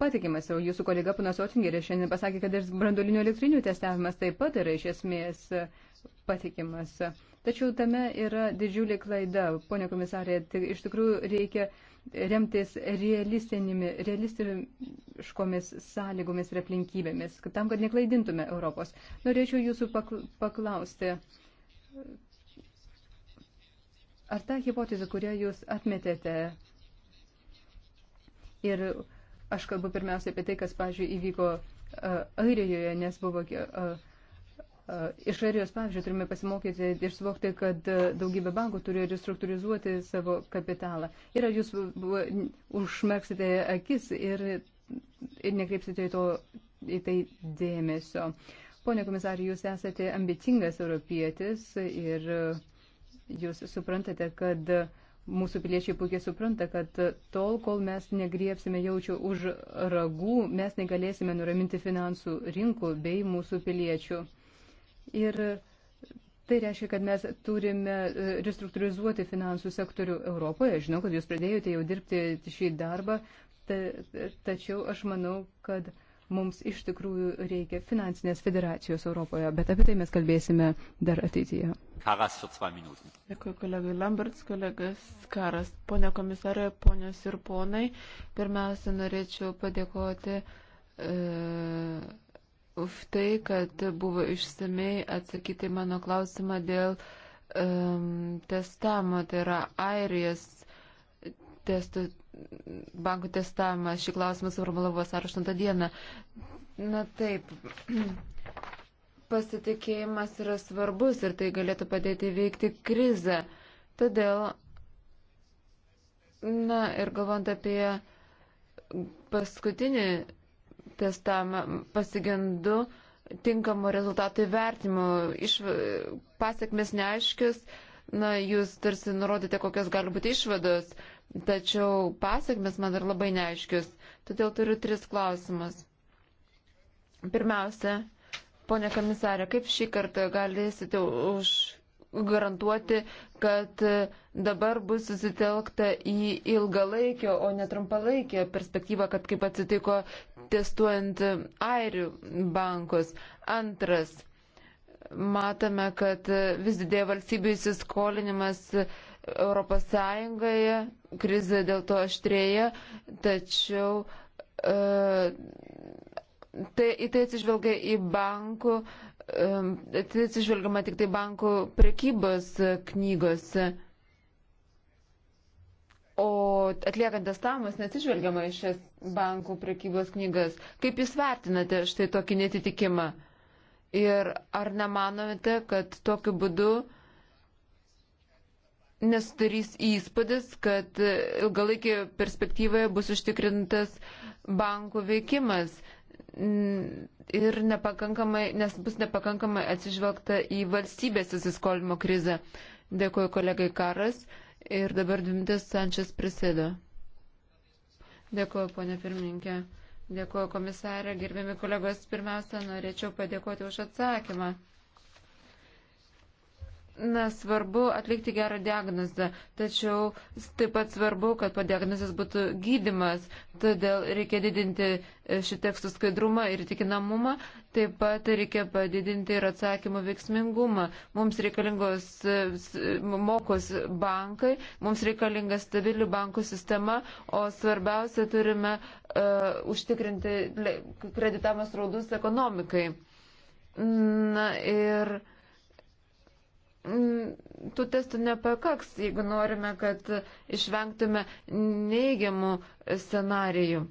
patikimas. O jūsų kolega panas Otingeris šiandien pasakė, kad ir brandolinio elektrinių testavimas taip pat yra iš esmės patikimas. Tačiau tame yra didžiulė klaida, ponė komisarė, tai iš tikrųjų reikia remtis realistiškomis sąlygomis ir aplinkybėmis, tam, kad neklaidintume Europos. Norėčiau jūsų paklausti, ar ta hipotezė, kurią jūs atmetėte ir Aš kalbu pirmiausia apie tai, kas, pavyzdžiui, įvyko Airijoje, nes buvo iš Airijos, pavyzdžiui, turime pasimokyti ir suvokti, kad daugybė bankų turi restruktūrizuoti savo kapitalą. Ir ar jūs užmerksite akis ir, ir nekreipsite į, to, į tai dėmesio. Pone komisarė, jūs esate ambicingas europietis ir jūs suprantate, kad uh, Mūsų piliečiai puikiai supranta, kad tol, kol mes negriepsime jaučių už ragų, mes negalėsime nuraminti finansų rinkų bei mūsų piliečių. Ir Tai reiškia, kad mes turime e, restruktūrizuoti finansų sektorių Europoje. Žinau, kad jūs pradėjote jau dirbti šį darbą, ta, tačiau aš manau, kad uh, mums iš tikrųjų reikia finansinės federacijos Europoje, bet apie tai mes kalbėsime dar ateityje. Karas su 2 minutėmis. Dėkui kolegai Lamberts, kolegas Karas. Pone komisarė, ponios ir ponai, pirmiausia, norėčiau padėkoti. Uh, e, Už tai, kad buvo išsamei atsakyti mano klausimą dėl um, e, testamo, tai yra Airijos testo bankų testavimą. Šį klausimą suformulavo vasaro 8 dieną. Na taip, pasitikėjimas yra svarbus ir tai galėtų padėti veikti krizę. Todėl, na ir galvant apie paskutinį testavimą, pasigendu tinkamo rezultato įvertimo. Iš pasiekmes neaiškius, na jūs tarsi nurodėte, kokios gali būti išvados tačiau pasiekmes man dar labai neaiškius. Todėl turiu tris klausimus. Pirmiausia, ponė komisarė, kaip šį kartą galėsite už garantuoti, kad dabar bus susitelkta į ilgalaikio, o ne trumpalaikio perspektyvą, kad kaip atsitiko testuojant airių bankus. Antras, matome, kad vis didėja valstybių įsiskolinimas Europos Sąjungoje, krizė dėl to aštrėja, tačiau e, tai, į tai atsižvelgia į bankų, e, tai atsižvelgiama tik tai bankų prekybos knygose. O atliekant testavimus neatsižvelgiama į šias bankų prekybos knygas. Kaip Jūs vertinate štai tokį netitikimą? Ir ar nemanote, kad tokiu būdu uh, nesudarys įspūdis, kad ilgalaikį perspektyvoje bus užtikrintas bankų veikimas ir nepakankamai, nes bus nepakankamai atsižvelgta į valstybės įsiskolimo krizę. Dėkuoju kolegai Karas ir dabar Dvimtis Sančias prisėdo. Dėkuoju, ponė pirmininkė. Dėkuoju, komisarė. Gerbiami kolegos, pirmiausia, norėčiau padėkoti už atsakymą. Na, svarbu atlikti gerą diagnozę, tačiau taip pat svarbu, kad po diagnozės būtų gydimas, todėl reikia didinti šį tekstų skaidrumą ir tikinamumą, taip pat reikia padidinti ir atsakymų veiksmingumą. Mums reikalingos mokos bankai, mums reikalinga stabili bankų sistema, o svarbiausia turime uh, užtikrinti kreditamas raudus ekonomikai. Na ir Mm, tų testų nepakaks, jeigu norime, kad išvengtume neigiamų scenarijų.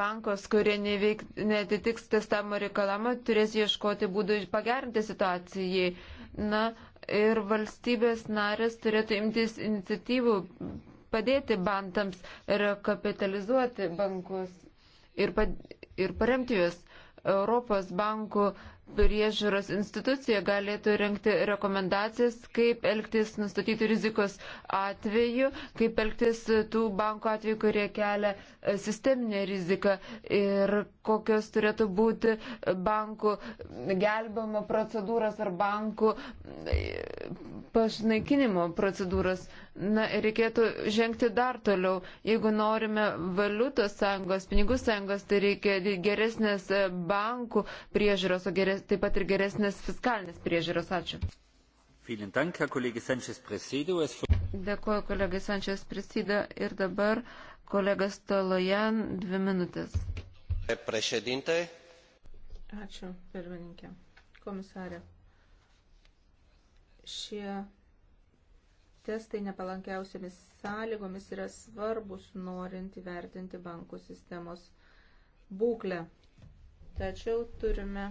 Bankos, kurie neveik, netitiks testavimo reikalavimą, turės ieškoti būdų pagerinti situacijai. Na ir valstybės narės turėtų imtis iniciatyvų padėti bantams ir kapitalizuoti bankus ir, pad, ir paremti juos. Europos bankų priežiūros institucija galėtų renkti rekomendacijas, kaip elgtis nustatyti rizikos atveju, kaip elgtis tų bankų atveju, kurie kelia e, sisteminę riziką ir kokios turėtų būti bankų gelbimo procedūros ar bankų e, pašnaikinimo procedūros. Na, reikėtų žengti dar toliau. Jeigu norime valiutos sąjungos, pinigų sąjungos, tai reikia geresnės e, bankų priežiūros, o geresnės geres, taip pat ir geresnės fiskalinės priežiūros. Ačiū. Dėkuoju kolegai Sančias Prisido ir dabar kolegas Tolojan dvi minutės. Prešedintai. Ačiū, pirmininkė. Komisarė. Šie testai nepalankiausiamis sąlygomis yra svarbus norint įvertinti bankų sistemos būklę. Tačiau turime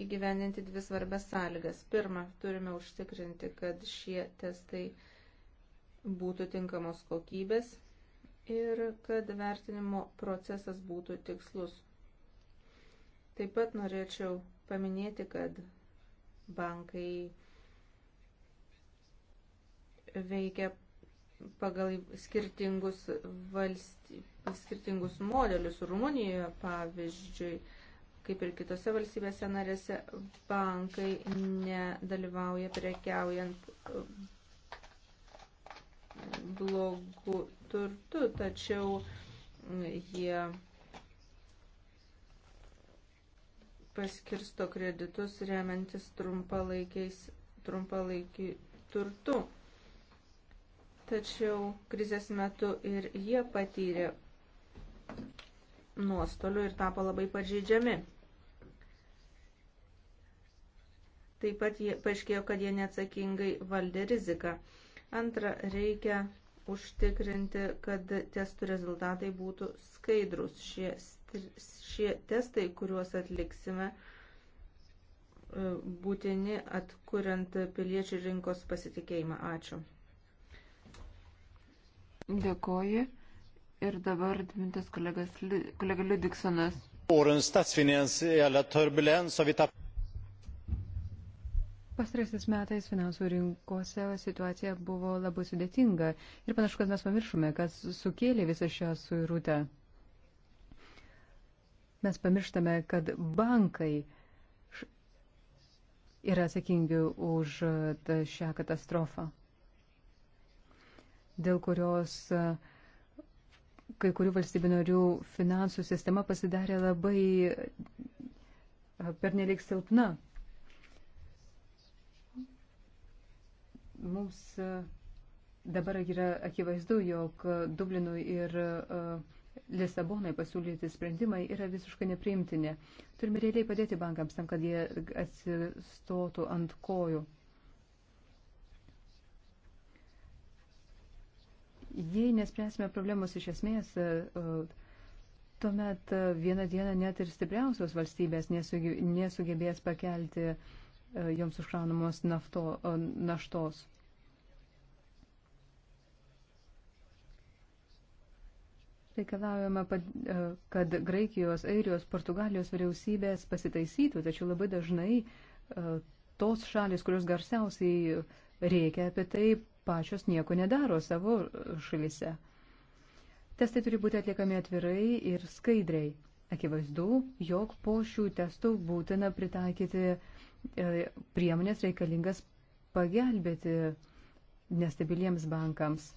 įgyvendinti dvi svarbės sąlygas. Pirma, turime užtikrinti, kad šie testai būtų tinkamos kokybės ir kad vertinimo procesas būtų tikslus. Taip pat norėčiau paminėti, kad bankai veikia pagal skirtingus, valsty, skirtingus modelius. Rumunijoje, pavyzdžiui, kaip ir kitose valstybėse narėse, bankai nedalyvauja prekiaujant uh, blogų turtų, tačiau jie paskirsto kreditus remiantis trumpalaikiais trumpalaikį turtu. Tačiau krizės metu ir jie patyrė nuostolių ir tapo labai pažeidžiami. Taip pat jie, paaiškėjo, kad jie neatsakingai valdė riziką. Antra, reikia užtikrinti, kad testų rezultatai būtų skaidrus. Šie, šie testai, kuriuos atliksime, e, būtini atkuriant piliečių rinkos pasitikėjimą. Ačiū. Dėkoju. Ir dabar mintis kolega Liudiksonas. Årens statsfinansiella turbulens har vi tappat Pastaraisiais metais finansų rinkose situacija buvo labai sudėtinga ir panašu, kad mes pamiršome, kas sukėlė visą šią suirutę. Mes pamirštame, kad bankai yra atsakingi už šią katastrofą, dėl kurios kai kurių valstybių narių finansų sistema pasidarė labai pernelik silpna. mums e, dabar yra akivaizdu, jog Dublinui ir e, Lisabonai pasiūlyti sprendimai yra visiškai nepriimtini. Turime realiai padėti bankams tam, kad jie atsistotų ant kojų. Jei nespręsime problemos iš esmės, e, tuomet vieną dieną net ir stipriausios valstybės nesugebės pakelti joms užkraunamos nafto, naštos. Reikalaujama, e, kad Graikijos, Airijos, Portugalijos vyriausybės pasitaisytų, tačiau labai dažnai e, tos šalis, kurios garsiausiai reikia apie tai, pačios nieko nedaro savo šalise. Testai turi būti atliekami atvirai ir skaidriai. Akivaizdu, jog po šių testų būtina pritaikyti e, priemonės reikalingas pagelbėti nestabiliems bankams.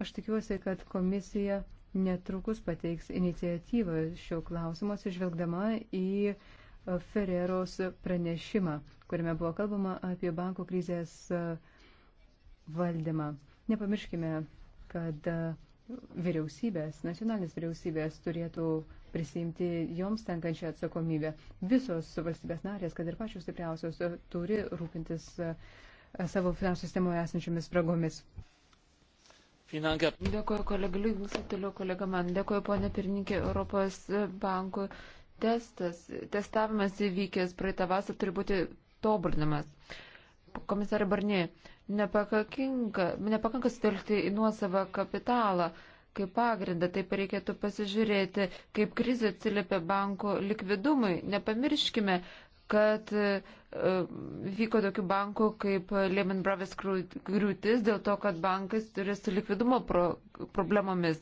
Aš tikiuosi, kad komisija netrukus pateiks iniciatyvą šio klausimo, atsižvelgdama į Ferreros pranešimą, kuriame buvo kalbama apie banko krizės valdymą. Nepamirškime, kad vyriausybės, nacionalinės vyriausybės turėtų prisimti joms tenkančią atsakomybę. Visos valstybės narės, kad ir pačios stipriausios, turi rūpintis savo finansų sistemoje esančiomis spragomis. Dėkuoju kolega Liūdus, toliau kolega man. Dėkuoju ponė pirmininkė Europos bankų testas. Testavimas įvykęs praeitą vasarą turi būti tobulinamas. Komisarė Barnė, nepakanka sutelkti į nuosavą kapitalą kaip pagrindą, taip reikėtų pasižiūrėti, kaip krizė atsiliepia bankų likvidumui. Nepamirškime, kad e, vyko tokių bankų kaip Lehman Brothers griūtis dėl to, kad bankas turi su likvidumo pro, problemomis.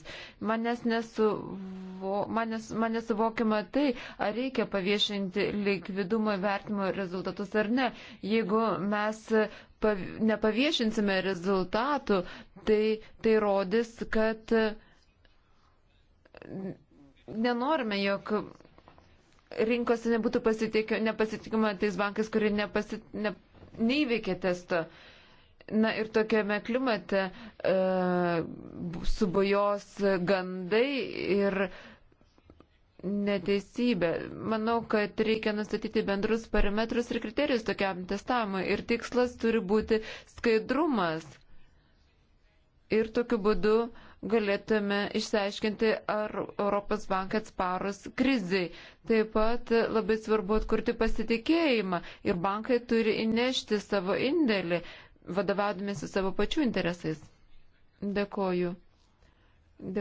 Manęs, nesuvo, manęs, manęs suvokiama tai, ar reikia paviešinti likvidumo vertimo rezultatus ar ne. Jeigu mes pav, nepaviešinsime rezultatų, tai tai rodys, kad nenorime, jog rinkose nebūtų nepasitikima tais bankais, kurie nepasi, ne, neįveikė testo. Na ir tokiame klimate e, subojos gandai ir neteisybė. Manau, kad reikia nustatyti bendrus parametrus ir kriterijus tokiam testavimui ir tikslas turi būti skaidrumas. Ir tokiu būdu e, galėtume išsiaiškinti, ar Europos bankai atsparus krizai. Taip pat labai svarbu atkurti pasitikėjimą ir bankai turi įnešti savo indėlį, vadovaudomėsi savo pačių interesais. Dėkoju.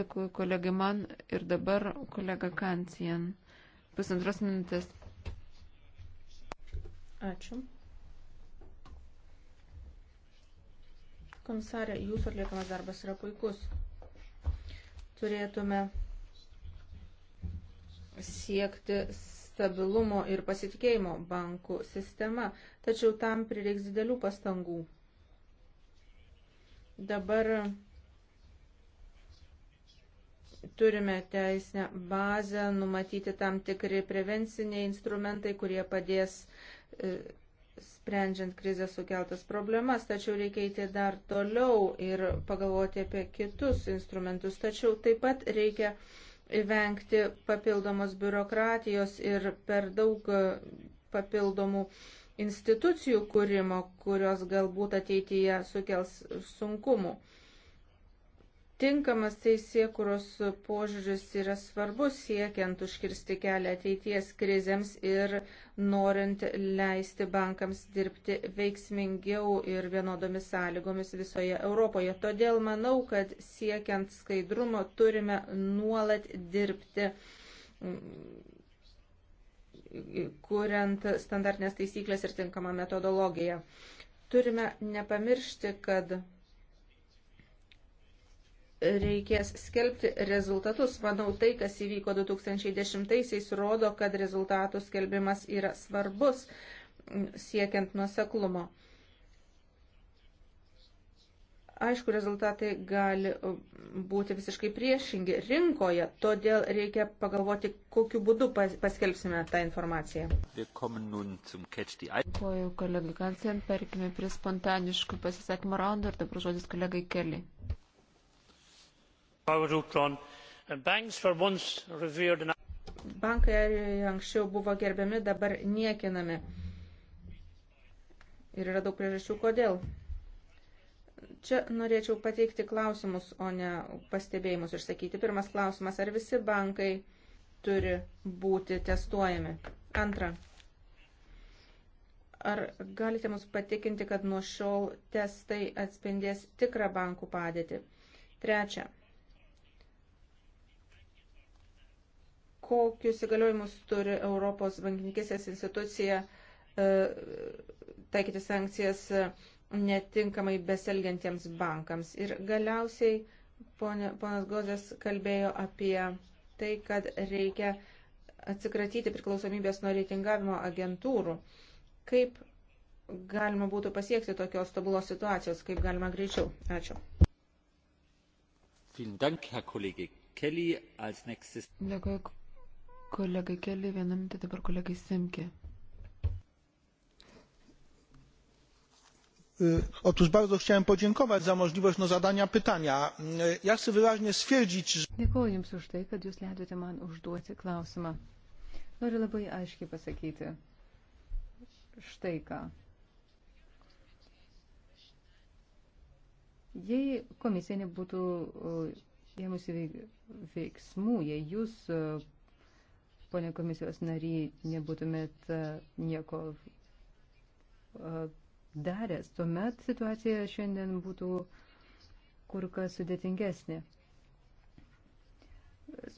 Dėkuoju kolegai man ir dabar kolega Kancijan. Pusantros minutės. Ačiū. Komisarė, jūsų atliekamas darbas yra puikus turėtume siekti stabilumo ir pasitikėjimo bankų sistema, tačiau tam prireiks didelių pastangų. Dabar turime teisinę bazę, numatyti tam tikri prevenciniai instrumentai, kurie padės e, sprendžiant krizės sukeltas problemas, tačiau reikia eiti dar toliau ir pagalvoti apie kitus instrumentus. Tačiau taip pat reikia vengti papildomos biurokratijos ir per daug papildomų institucijų kūrimo, kurios galbūt ateityje sukels sunkumų. Tinkamas teisėkuros požiūris yra svarbus siekiant užkirsti kelią ateities krizėms ir norint leisti bankams dirbti veiksmingiau ir vienodomis sąlygomis visoje Europoje. Todėl manau, kad siekiant skaidrumo turime nuolat dirbti kuriant standartinės taisyklės ir tinkamą metodologiją. Turime nepamiršti, kad reikės skelbti rezultatus. Manau, tai, kas įvyko 2010-aisiais, rodo, kad rezultatų skelbimas yra svarbus siekiant nuoseklumo. Aišku, rezultatai gali būti visiškai priešingi rinkoje, todėl reikia pagalvoti, kokiu būdu paskelbsime tą informaciją. Dėkuoju kolegai Kansen, perkime prie spontaniškų pasisakymų raundų ir dabar žodis kolegai Keli. Bankai anksčiau buvo gerbiami, dabar niekinami. Ir yra daug priežasčių, kodėl. Čia norėčiau pateikti klausimus, o ne pastebėjimus išsakyti. Pirmas klausimas, ar visi bankai turi būti testuojami? Antra, ar galite mus patikinti, kad nuo šiol testai atspindės tikrą bankų padėtį? Trečia, kokius įgaliojimus turi Europos bankininkėsės institucija e, taikyti sankcijas netinkamai beselgiantiems bankams. Ir galiausiai ponė, ponas Gozės kalbėjo apie tai, kad reikia atsikratyti priklausomybės nuo reitingavimo agentūrų. Kaip galima būtų pasiekti tokios tobulos situacijos, kaip galima greičiau? Ačiū. Dėkui Kolega Keli, vieną minutę dabar kolegai Simki. Otóż bardzo chciałem podziękować za możliwość no, zadania pytania. Ja chcę wyraźnie stwierdzić, że... Dėkuoju Jums už tai, kad Jūs leidote man užduoti klausimą. Noriu labai aiškiai pasakyti štai ką. Jei komisija nebūtų uh, ėmusi veiksmų, jei Jūs uh, ponė komisijos nariai, nebūtumėt e, nieko e, daręs, tuomet situacija šiandien būtų kur kas sudėtingesnė.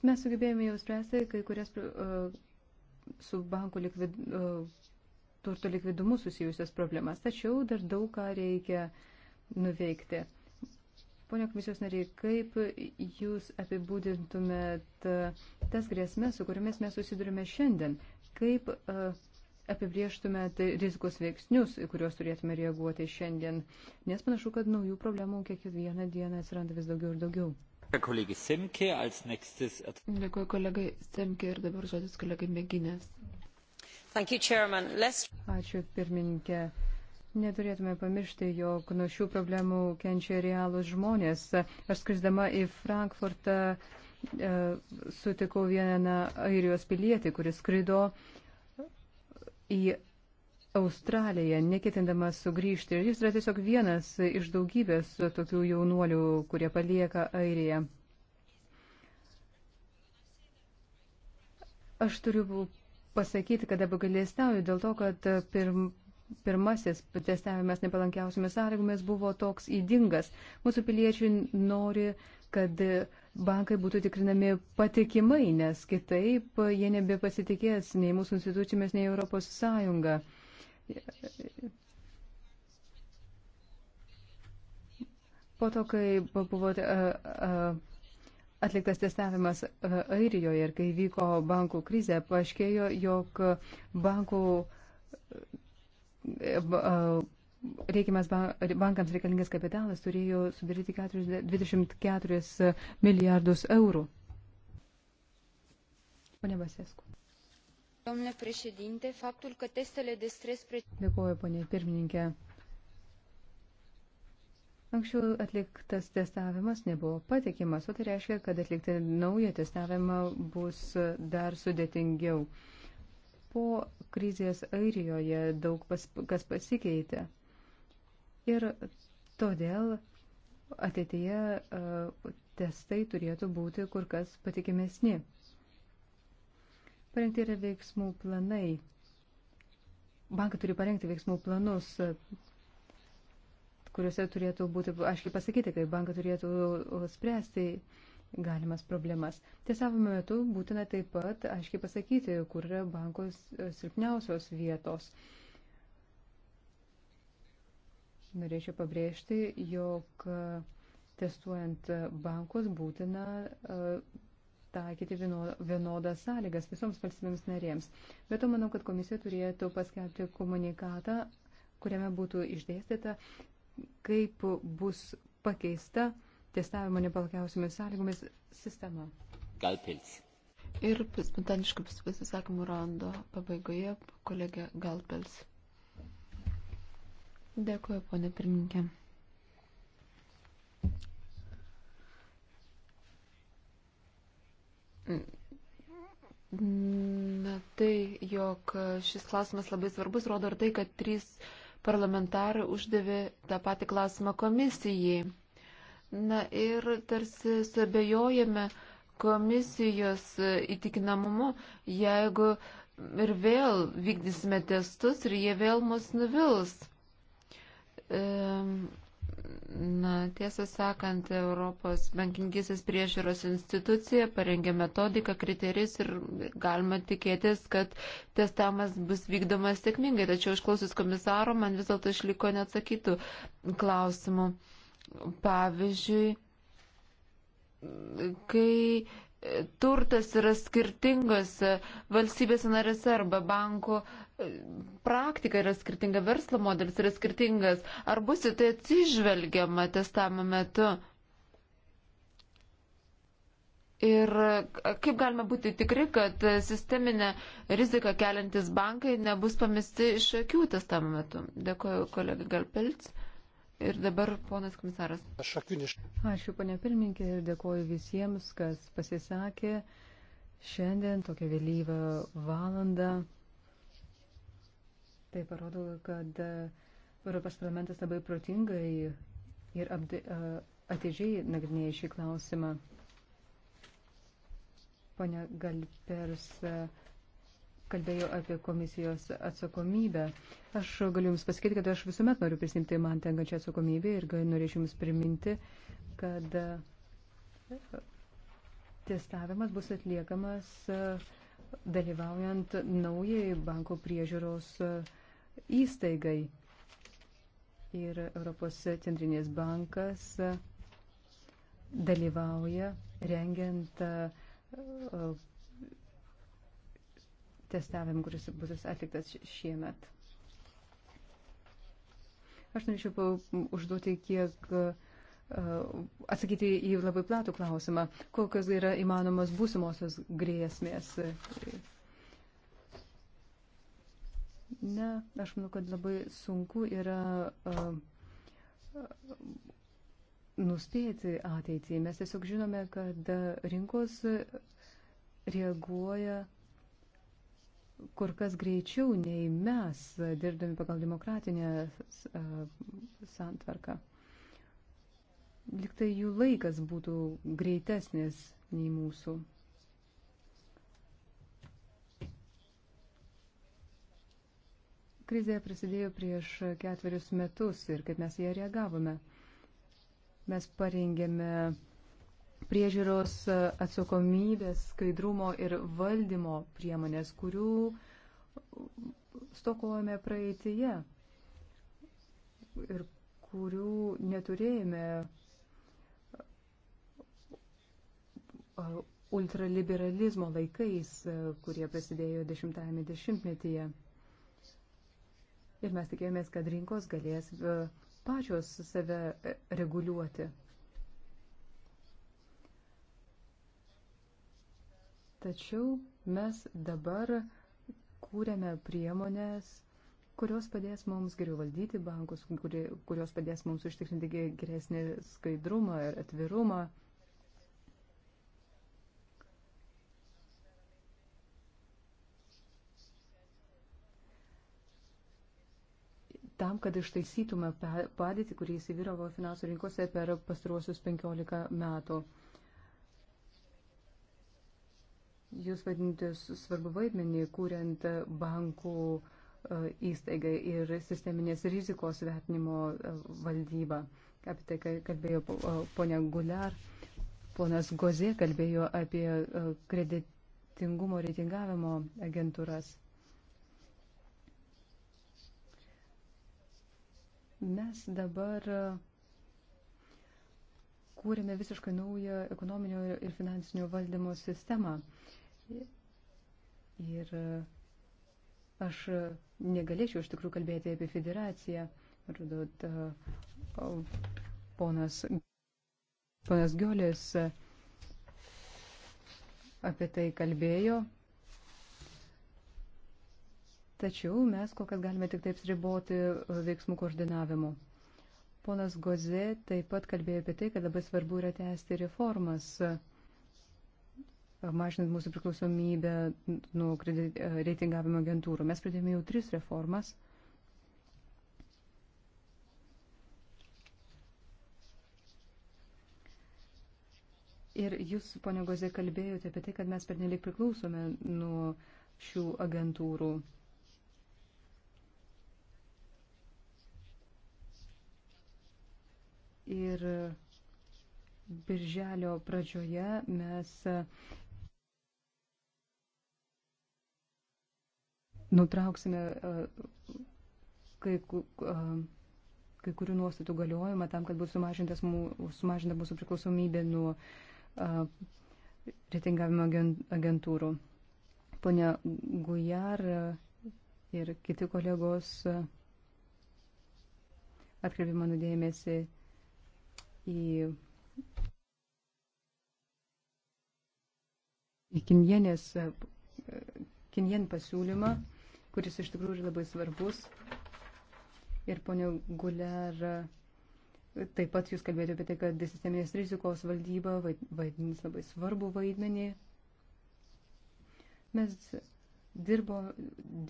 Mes sugebėjome jau spręsti kai kurias e, su bankų likvid, turto likvidumu susijusias problemas, tačiau dar daug ką reikia nuveikti. Pone komisijos nariai, kaip jūs apibūdintumėt e, tas grėsmės, su kuriamis mes susidurime šiandien? Kaip e, apibrieštumėt rizikos veiksnius, į kuriuos turėtume reaguoti šiandien? Nes panašu, kad naujų problemų kiekvieną dieną atsiranda vis daugiau ir daugiau. Dėkuoju kolegai Semke ir dabar žodis kolegai Meginės. Ačiū pirmininkė Neturėtume pamiršti, jog nuo šių problemų kenčia realūs žmonės. Aš skrisdama į Frankfurtą e, sutikau vieną airijos pilietį, kuris skrido į Australiją, neketindamas sugrįžti. Ir jis yra tiesiog vienas iš daugybės tokių jaunuolių, kurie palieka airiją. Aš turiu pasakyti, kad apgalėstauju dėl to, kad pirm, pirmasis testavimas nepalankiausiamis sąlygomis buvo toks įdingas. Mūsų piliečiai nori, kad bankai būtų tikrinami patikimai, nes kitaip jie nebepasitikės nei mūsų institucijomis, nei Europos Sąjunga. Po to, kai buvo atliktas testavimas Airijoje ir kai vyko bankų krizė, paaiškėjo, jog bankų reikiamas bankams reikalingas kapitalas turėjo sudaryti 24 milijardus eurų. Pone Basescu. Domnule președinte, faptul că testele de stres... Dėkuoju, ponė pirmininkė. Anksčiau atliktas testavimas nebuvo patikimas, o tai reiškia, kad atlikti naują testavimą bus dar sudėtingiau. Uh, po krizės Airijoje daug pas, kas pasikeitė. Ir todėl ateityje uh, testai turėtų būti kur kas patikimesni. Parengti yra veiksmų planai. Bankai turi parengti veiksmų planus, e, kuriuose turėtų būti, aiškiai pasakyti, kaip bankai turėtų e, spręsti galimas problemas. Tiesavimo metu būtina taip pat aiškiai pasakyti, kur yra bankos e, silpniausios vietos. Norėčiau pabrėžti, jog e, testuojant bankus būtina e, taikyti vienodas sąlygas visoms valstybėms narėms. Bet to manau, kad komisija turėtų paskelbti komunikatą, kuriame būtų išdėstyta, kaip bus pakeista uh, testavimo nepalkiausiamis sąlygomis sistema. Galpils. Ir spontaniškų pasisakymų rando pabaigoje kolegė Galpils. Dėkuoju, ponė pirmininkė. Na tai, jog šis klausimas labai svarbus, rodo ir tai, kad trys parlamentarai uždavė tą patį klausimą komisijai. Na ir tarsi sabėjojame komisijos įtikinamumu, jeigu ir vėl vykdysime testus ir jie vėl mus nuvils. Na, tiesą sakant, Europos bankingisis priežiūros institucija parengė metodiką, kriterijus ir galima tikėtis, kad testamas bus vykdomas sėkmingai. Tačiau išklausus komisaro, man vis dėlto išliko neatsakytų klausimų. Uh, Pavyzdžiui, kai turtas yra skirtingose valstybėse narėse arba banko e, praktika yra skirtinga, verslo modelis yra skirtingas, ar bus į tai atsižvelgiama testavimo metu? Ir kaip galima būti tikri, kad sisteminę riziką keliantis bankai nebus pamesti iš akių testavimo metu? Dėkuoju, kolega Galpelts. Ir dabar ponas komisaras. Ačiū, ponė pirmininkė, ir dėkoju visiems, kas pasisakė šiandien tokią vėlyvą valandą. Tai parodo, kad e, Europos parlamentas labai protingai ir apdė, e, atidžiai nagrinėja šį klausimą. Pone Galpers e, kalbėjo apie komisijos atsakomybę. Aš galiu Jums pasakyti, kad aš visuomet noriu prisimti man tenkančią atsakomybę ir norėčiau Jums priminti, kad e, testavimas bus atliekamas e, dalyvaujant naujai banko priežiūros e, įstaigai. Ir Europos centrinės bankas dalyvauja rengiant testavimu, kuris bus atliktas šiemet. Aš norėčiau užduoti kiek e, atsakyti į labai platų klausimą, kokios yra įmanomas būsimosios grėsmės. Ne, aš manau, kad labai sunku yra e, nuspėti ateitį. Mes tiesiog žinome, kad rinkos reaguoja kur kas greičiau nei mes, dirbdami pagal demokratinę santvarką. Liktai jų laikas būtų greitesnis nei mūsų. Krizė prasidėjo prieš ketverius metus ir kaip mes ją reagavome. Mes parengėme priežiūros e, atsakomybės, skaidrumo ir valdymo priemonės, kurių stokojame praeitėje ir kurių neturėjome e, ultraliberalizmo laikais, e, kurie prasidėjo dešimtajame dešimtmetyje. Ir mes tikėjomės, kad rinkos galės pačios save reguliuoti. Tačiau mes dabar kūrėme priemonės, kurios padės mums geriau valdyti bankus, kurios padės mums užtikrinti geresnį skaidrumą ir atvirumą. tam, kad ištaisytume padėtį, kurį įsivyravo finansų rinkose per pastaruosius 15 metų. jūs vadinate svarbu vaidmenį, kuriant bankų e, įstaigą ir sisteminės rizikos vertinimo e, valdybą. Apie tai kalbėjo e, ponia Guliar, ponas Gozė kalbėjo apie kreditingumo reitingavimo agentūras. mes dabar kūrėme visiškai naują ekonominio ir finansinio valdymo sistemą. Ir e, aš negalėčiau iš tikrųjų kalbėti apie federaciją. Rodot, ponas, ponas Giolės e, apie tai kalbėjo. Tačiau mes kol kas galime tik taip sriboti e, veiksmų koordinavimu. Ponas Goze taip pat kalbėjo apie tai, kad labai svarbu yra tęsti reformas mažinant mūsų priklausomybę nuo e, reitingavimo agentūrų. Mes pradėjome jau tris reformas. Ir jūs, ponio Gozė, kalbėjote apie tai, kad mes pernelik priklausome nuo šių agentūrų. Ir birželio pradžioje mes nutrauksime e, kai, e, kai kurių nuostatų galiojimą tam, kad bus sumažinta mūsų priklausomybė nuo e, reitingavimo agentūrų. Pone Gujar ir kiti kolegos atkreipė mano dėmesį į, į Kinjenės, Kinjen pasiūlymą. Mm kuris iš tikrųjų yra labai svarbus. Ir ponio Guler, taip pat jūs kalbėjote apie tai, kad sisteminės rizikos valdyba vaidins labai svarbu vaidmenį. Mes dirbo,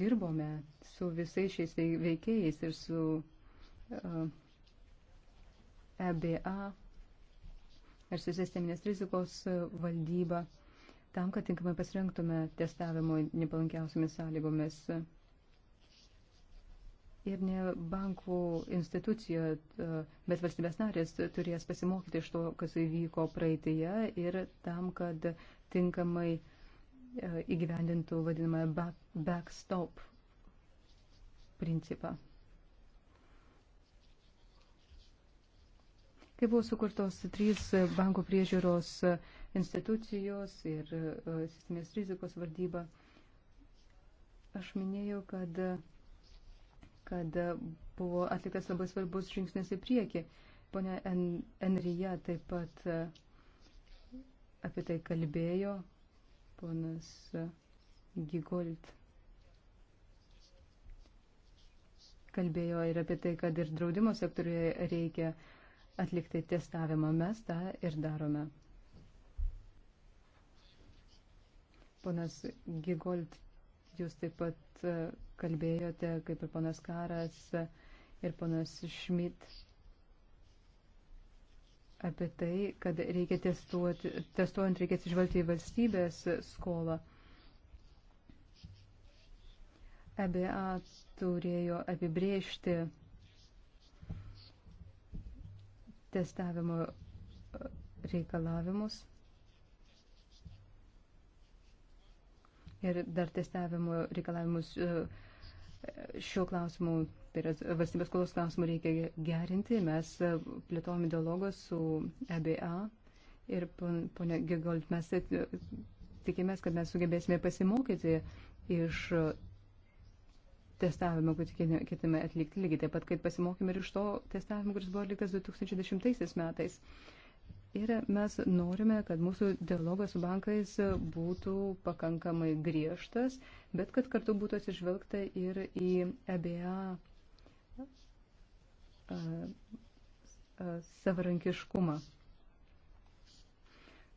dirbome su visais šiais veikėjais ir su uh, e, EBA ir su sisteminės rizikos valdyba. Uh, tam, kad tinkamai pasirengtume testavimui nepalankiausiamis sąlygomis. Ir ne bankų institucija, e, bet valstybės narės turės pasimokyti iš to, kas įvyko praeitėje ir tam, kad tinkamai e, įgyvendintų vadinamą backstop principą. kai buvo sukurtos trys bankų priežiūros institucijos ir e, sisteminės rizikos valdyba, aš minėjau, kad, kad buvo atliktas labai svarbus žingsnis į priekį. Pone Enrija taip pat e, apie tai kalbėjo, ponas e, Gigolt kalbėjo ir apie tai, kad ir draudimo sektoriuje reikia uh, atlikti testavimą. Mes tą ir darome. Ponas Gigolt, jūs taip pat e, kalbėjote, kaip ir ponas Karas ir ponas Šmit, apie tai, kad reikia testuoti, testuojant reikia atsižvelgti į valstybės skolą. EBA turėjo apibriežti testavimo e, reikalavimus ir dar testavimo reikalavimus e, šiuo klausimu, tai yra valstybės skolos klausimu reikia gerinti. Mes e, plėtojame dialogą su EBA ir ponia Gigolt, mes tikimės, kad mes sugebėsime pasimokyti iš testavimą, kurį ketime atlikti, lygiai taip pat, kaip pasimokėme ir iš to testavimo, kuris buvo atliktas 2010 metais. Ir mes norime, kad mūsų dialogas su bankais būtų pakankamai griežtas, bet kad kartu būtų atsižvelgta ir į EBA savarankiškumą.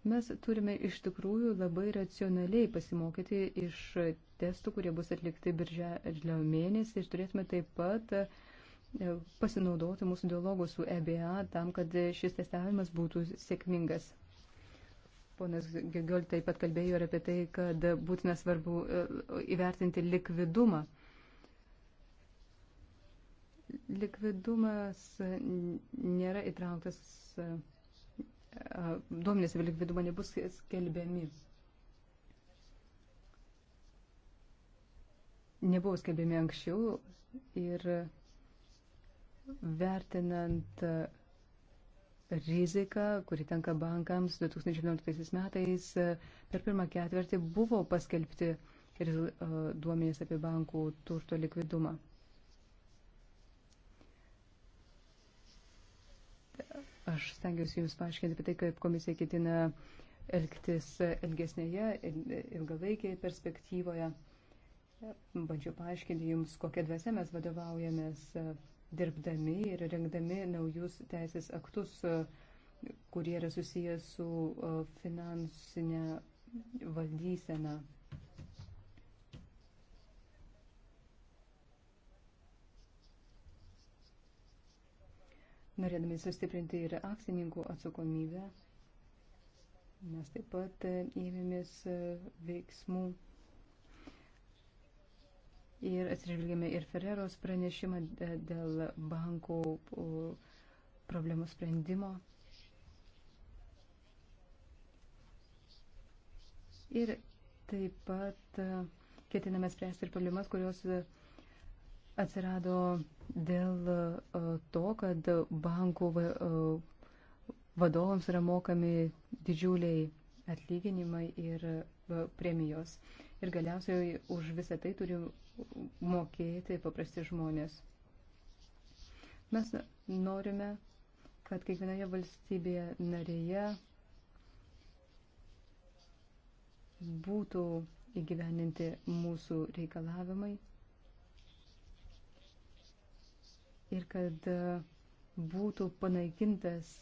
Mes turime iš tikrųjų labai racionaliai pasimokyti iš testų, kurie bus atlikti birželio mėnesį ir turėtume taip pat e, pasinaudoti mūsų dialogų su EBA tam, kad šis testavimas būtų sėkmingas. Ponas Gegol taip pat kalbėjo ir apie tai, kad būtina svarbu e, įvertinti likvidumą. Likvidumas nėra įtrauktas, e, duomenės apie likvidumą nebus skelbiami. nebuvo skelbiami anksčiau ir vertinant riziką, kuri tenka bankams 2019 metais, per pirmą ketvirtį buvo paskelbti e, duomenys apie bankų turto likvidumą. Aš stengiuosi Jums paaiškinti apie tai, kaip komisija ketina elgtis e, ilgesnėje, ilgalaikėje perspektyvoje. Bandžiau paaiškinti Jums, kokią dvasę mes vadovaujamės e, dirbdami ir rengdami naujus teisės aktus, e, kurie yra susijęs su e, finansinė valdysena. Norėdami sustiprinti ir akcininkų atsakomybę, mes taip pat ėmėmės veiksmų ir atsižvelgėme ir Ferreros pranešimą dėl bankų problemų sprendimo. Ir taip pat e, ketiname spręsti ir problemas, kurios e, atsirado dėl e, to, kad bankų vadovams yra mokami didžiuliai atlyginimai ir premijos. Ir galiausiai už visą tai turi mokėti paprasti žmonės. Mes norime, kad kiekvienoje valstybėje narėje būtų įgyveninti mūsų reikalavimai ir kad būtų panaikintas,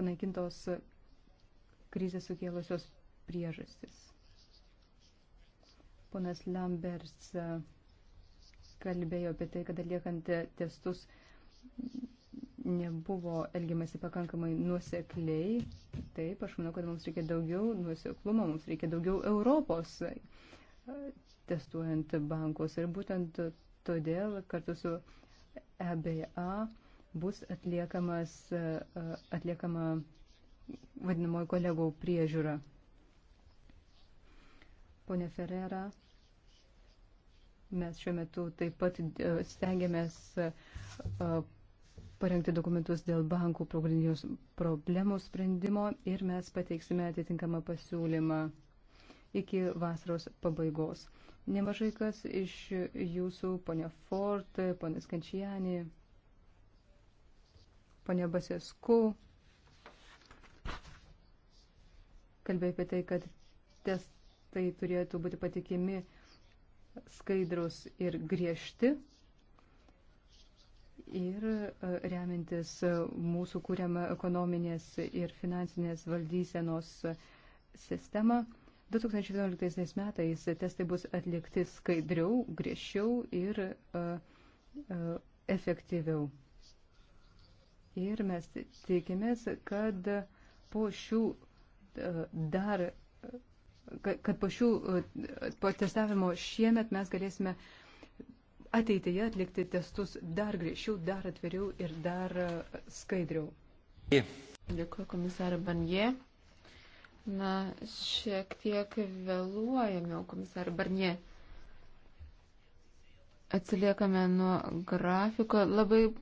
panaikintos krizės sukėlusios priežastis. Ponas Lamberts e, kalbėjo apie tai, kad atliekant testus nebuvo elgiamasi pakankamai nuosekliai. Taip, aš manau, kad mums reikia daugiau nuoseklumo, mums reikia daugiau Europos e, testuojant bankus. Ir būtent todėl kartu su EBA bus atliekamas, e, atliekama vadinamoji kolegų priežiūra ponė Ferrera. Mes šiuo metu taip pat e, stengiamės e, parengti dokumentus dėl bankų problemų sprendimo ir mes pateiksime atitinkamą pasiūlymą iki vasaros pabaigos. Nemažai kas iš jūsų, ponia Ford, ponia Skančiani, ponia Basesku, kalbėjo apie tai, kad test aktai turėtų būti patikimi skaidrus ir griežti ir e, remintis e, mūsų kūriamą ekonominės ir finansinės valdysenos e, sistemą. 2011 metais testai bus atlikti skaidriau, griežčiau ir uh, uh, efektyviau. Ir mes tikimės, kad po šių uh, dar kad po šių e, po testavimo šiemet mes galėsime ateityje atlikti testus dar griežčiau, dar atviriau ir dar e, skaidriau. Dėkuoju komisarą Banje. Na, šiek tiek vėluojame, o komisarą Barnie. Atsiliekame nuo grafiko. Labai